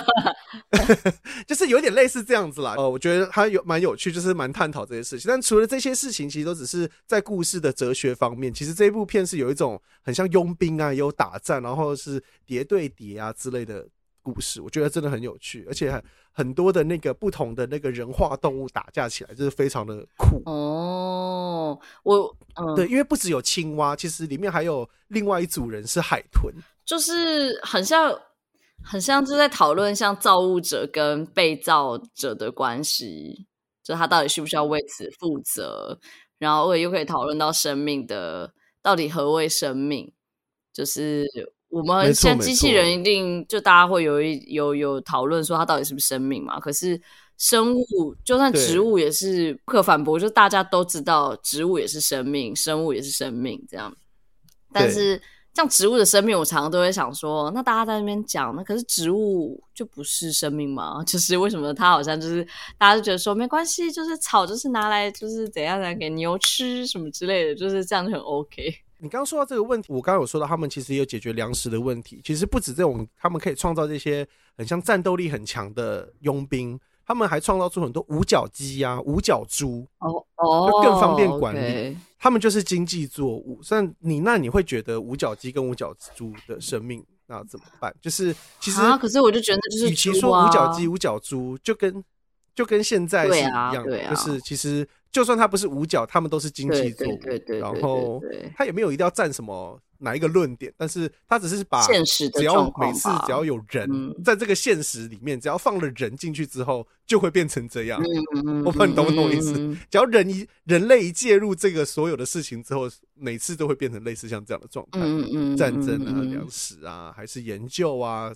Speaker 2: 就是有點類似這樣子啦。呃，我覺得還有蠻有趣，就是蠻探討這些事情。但除了這些事情，其實都只是在故事的哲學方面。其實這一部片是有一種很像傭兵啊，也有打仗，然後是諜對諜啊之類的故事。我覺得真的很有趣，而且很多的那個不同的那個人化動物打架起來，就是非常的
Speaker 1: 酷哦。
Speaker 2: 我嗯，對，因為不只有青蛙，其實裡面還有另外一組人是海豚。
Speaker 1: 就是很像，很像，就在討論像造物者跟被造者的關係，就他到底需不需要為此負責？然後，又可以討論到生命的到底何謂生命？就是我們很錯像機器人一定就大家會有一有有討論說他到底是不是生命嘛？可是生物就算植物也是不可反駁，對就大家都知道植物也是生命，生物也是生命這樣，但是。像植物的生命，我常常都會想說，那大家在那邊講，那可是植物就不是生命嗎？就是為什麼它好像就是大家就覺得說沒關係，就是草就是拿來就是怎樣來給牛吃什麼之類的，就是這樣就很 OK。你
Speaker 2: 剛剛說到這個問題，我剛剛有說到他們其實也有解決糧食的問題，其實不止這種，他們可以創造這些很像戰鬥力很強的傭兵。他們還創造出很多五角雞呀、啊、五角豬
Speaker 1: 哦哦，oh, oh, 就更方便管理。okay.
Speaker 2: 他們就是經濟作物。但你那你會覺得五角雞跟五角豬的生命那怎麼辦？就是其實，啊、可是我就覺得就、啊，與其說五角雞、五角豬，就跟就跟現在是一樣的，對啊對啊、就是其實。就算他不是五角，他們都是經濟作物。然後他也沒有一定要佔什麼哪一個論點，但是他只是把現實的狀況。只要每次只要有人、嗯、在這個現實裡面，只要放了人進去之後，就會變成這樣。嗯嗯嗯、我怕你懂不懂意思？嗯嗯嗯、只要人一人類一介入這個所有的事情之後，每次都會變成類似像這樣的狀態。嗯嗯，嗯嗯戰爭啊、糧食啊、還是研究啊、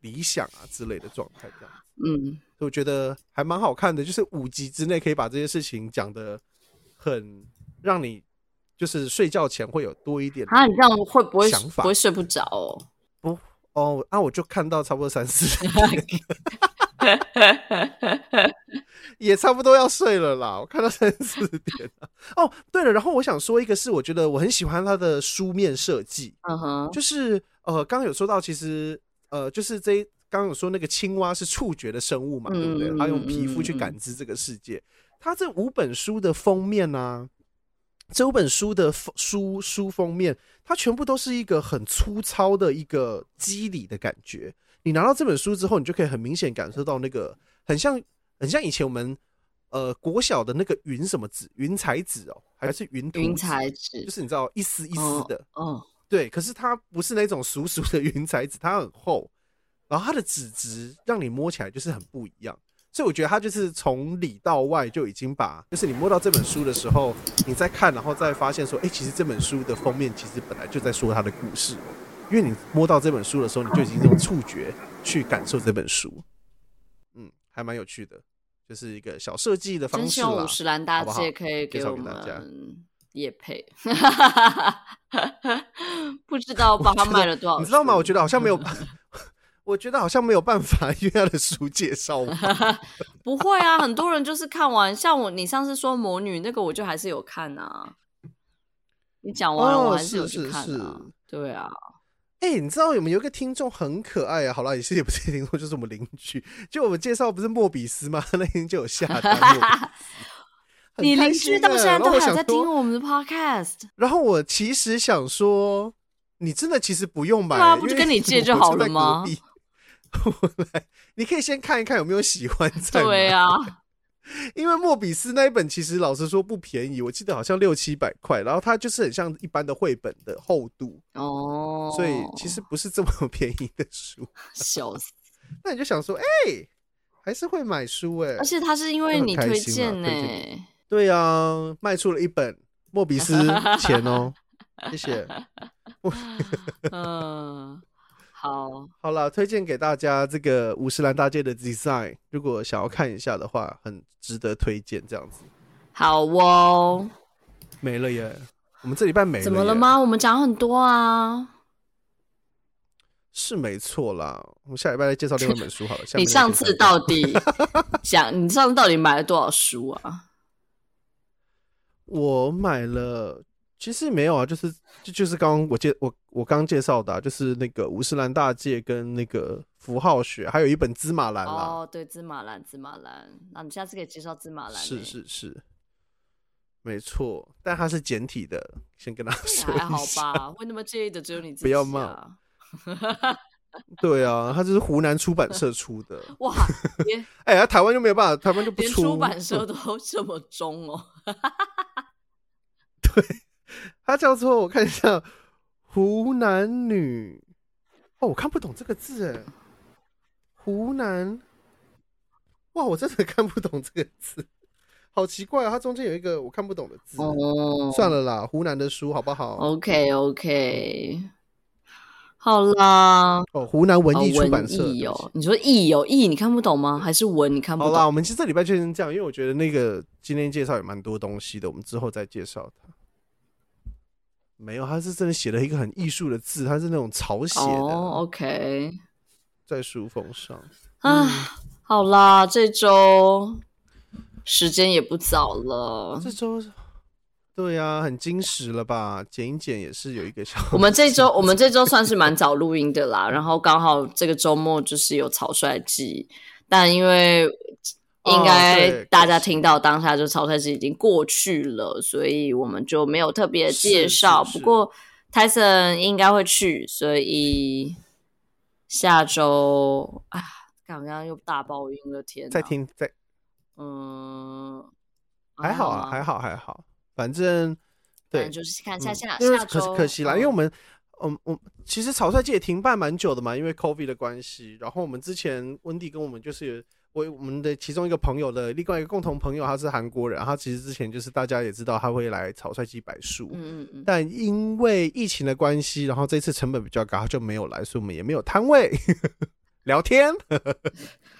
Speaker 2: 理想啊之類的狀態，這樣。子。嗯，嗯。我覺得還蠻好看的，就是五集之內可以把這些事情講。的很讓你就是睡覺前會有多一點啊？你這樣
Speaker 1: 會不會想法不會睡不着？
Speaker 2: 不哦，那、oh, oh, 啊、我就看到差不多三四點，也差不多要睡了啦。我看到三四點哦。Oh, 對了，然後我想說一個是，我覺得我很喜歡它的書面設計。嗯哼、uh，huh. 就是呃，剛剛有說到，其實呃，就是這一剛剛有說那個青蛙是觸覺的生物嘛，mm hmm. 對不對？它用皮膚去感知這個世界。Mm hmm. 它這五本書的封面吶、啊，這五本書的封書書封面，它全部都是一個很粗糙的一個肌理的感覺。你拿到這本書之後，你就可以很明顯感受到那個很像很像以前我們呃國小的那個雲什麼紙，雲彩紙哦，還是雲雲彩紙，就是你知道一絲一絲的嗯，嗯對。可是它不是那種俗俗的雲彩紙，它很厚，然後它的紙質讓你摸起來就是很不一樣。所以我覺得他就是從裡到外就已經把，就是你摸到這本書的時候，你再看，然後再發現說，哎、欸，其實這本書的封面其實本來就在說他的故事，因為你摸到這本書的時候，你就已經用觸覺去感受這本書。嗯，還蠻有趣的，就是一個小設計的方式、啊。真希望五十嵐大介可以給我們
Speaker 1: 也野配， 不知道幫他賣了多少？你知道嗎？我
Speaker 2: 覺得好像沒有、嗯。我覺得好像沒有辦法，因為他的書介紹。
Speaker 1: 不會啊， 很多人就是看完，像我，你上次說魔女那個，我就還是有看啊。你講完了、哦、我還是有去看啊。是是是對啊。哎、欸，你知道有
Speaker 2: 沒有一個聽眾很可愛啊？好啦，也是也不是聽眾，就是我們鄰居。就我們介紹不是莫比斯嗎？那天就有下單。
Speaker 1: 你鄰居到現在都還在聽我們的 Podcast。
Speaker 2: 然後我其實想說，你真的其實不用買、欸，對啊，不就跟你借就好了嗎？來， 你可以先看一看有沒有喜歡再買。對啊， 因為莫比斯那一本其實老實說不便宜，我記得好像六七百塊。然後它就是很像一般的繪本的厚度哦，Oh. 所以其實不是這麼便宜的書。笑死！那你就想說，哎、欸，還是會買書
Speaker 1: 哎、欸。而且它是因為你推薦呢、欸
Speaker 2: 啊欸。對啊，賣出了一本莫比斯錢哦，
Speaker 1: 謝謝。 嗯。
Speaker 2: 好了，推薦給大家這個五十嵐大介的 design，如果想要看一下的話，很值得推薦。這樣子，好哇、哦，沒了耶，我們這禮拜沒了？怎麼了嗎？
Speaker 1: 我們講很多啊，
Speaker 2: 是沒錯啦。我們下禮拜來介紹另外一本書好了。 你上次到
Speaker 1: 底想 你上次到底買了多少書啊？我
Speaker 2: 買了。其實沒有啊，就是就就是剛剛我,我,我介我我剛介紹的、啊，就是那個《五十嵐大介》跟那個符號學，還有一本《芝麻藍》哦，
Speaker 1: 對，芝麻《芝麻藍》《芝麻藍》，那我們下次可以介紹《芝麻藍、欸》。是是
Speaker 2: 是，沒錯，但它是簡體的。先跟他說。還好吧，
Speaker 1: 會那麼介意的只有你自己、啊。不要罵。
Speaker 2: 對啊，他就是湖南出版社出的。
Speaker 1: 哇！
Speaker 2: 哎天、 欸啊，台灣就沒有辦法，台灣就不出。連出版
Speaker 1: 社都這麼中哦。
Speaker 2: 對。他叫做，我看一下，湖南女，哦，我看不懂這個字哎，湖南，哇，我真的看不懂這個字，好奇怪啊、哦！它中間有一個我看不懂的字，oh. 算
Speaker 1: 了啦，湖南的書好不好？OK OK，、嗯、好啦，哦，湖南文藝出版社、oh, 哦，你說藝哦藝，你看不懂嗎？還是文你看不懂？好啦。我
Speaker 2: 們其實這禮拜就是這樣，因為我覺得那個今天介紹也蠻多東西的，我們之後再介紹它。沒有，他是真的寫了一個很藝術的字，他是那種草寫的。Oh, OK，在書封上啊，
Speaker 1: 嗯、好啦，這周時間也不早了。這周對呀、啊，
Speaker 2: 很金石精實了吧？剪一剪也是有一個小。
Speaker 1: 我們這周我們這周算是蠻早錄音的啦， 然後剛好這個周末就是有草率季，但因為。
Speaker 2: 應該大
Speaker 1: 家聽到當下就草率季已經過去了，所以我們就沒有特別介紹。是是是不過 Tyson 應該會去，所以下周啊，剛剛又大暴雨了，天哪！再聽再嗯，
Speaker 2: 還好，啊，還好、啊，還好,還好，反正
Speaker 1: 對，正就是看下、嗯、下下週周可,可惜
Speaker 2: 啦，因為我們，嗯、我我其實草率季也停辦蠻久的嘛，因為 COVID 的關係，然後我們之前溫蒂跟我們就是。我我們的其中一個朋友的另外一個共同朋友，他是韓國人，他其實之前就是大家也知道他會來草率季擺攤，嗯，嗯嗯，但因為疫情的關係，然後這次成本比較高，他就沒有來，所以我們也沒有攤位 聊天。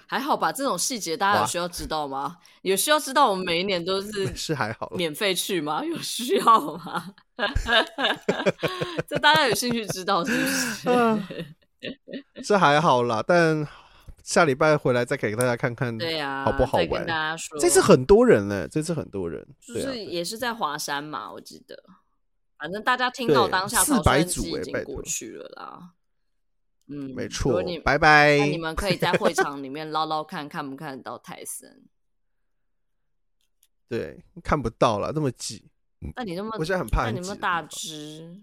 Speaker 1: 還好吧，這種細節大家有需要知道嗎？哇有需要知道我們每一年都是是還好免費去嗎？有需要嗎？ 這大家有興趣知道是不
Speaker 2: 是？嗯、這還好啦，但。下禮拜回來再給大家看看，對啊，好不好玩？啊？再跟大家說，這次很多人呢，這次很多人，就
Speaker 1: 是也是在華山嘛，我記得。反正大家聽到當下，四百組，欸、已經過去了啦。託嗯，沒錯。拜拜，你們可以在會場裡面撈撈看看， 看不看得到泰森？
Speaker 2: 對，看不到了，那麼擠。那，
Speaker 1: 啊、你那麼，不是很怕很。啊，你那你有沒有大只？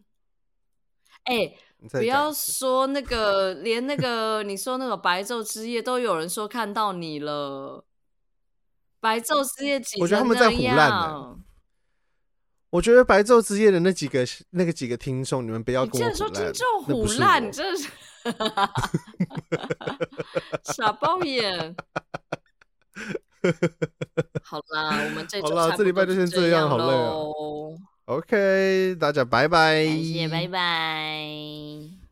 Speaker 1: 哎，欸、不要說那個，連那個你說那個白晝之夜都有人說看到你了。 白晝之夜幾？個我覺得他們在唬爛、欸、
Speaker 2: 我覺得白晝之夜的那幾個、那個幾個聽眾，你們不要跟我你真說唬爛。
Speaker 1: 你這真是傻爆眼。好啦，我們這好啦這禮拜就先這樣，好累、啊
Speaker 2: OK，大家拜拜，謝謝，拜
Speaker 1: 拜。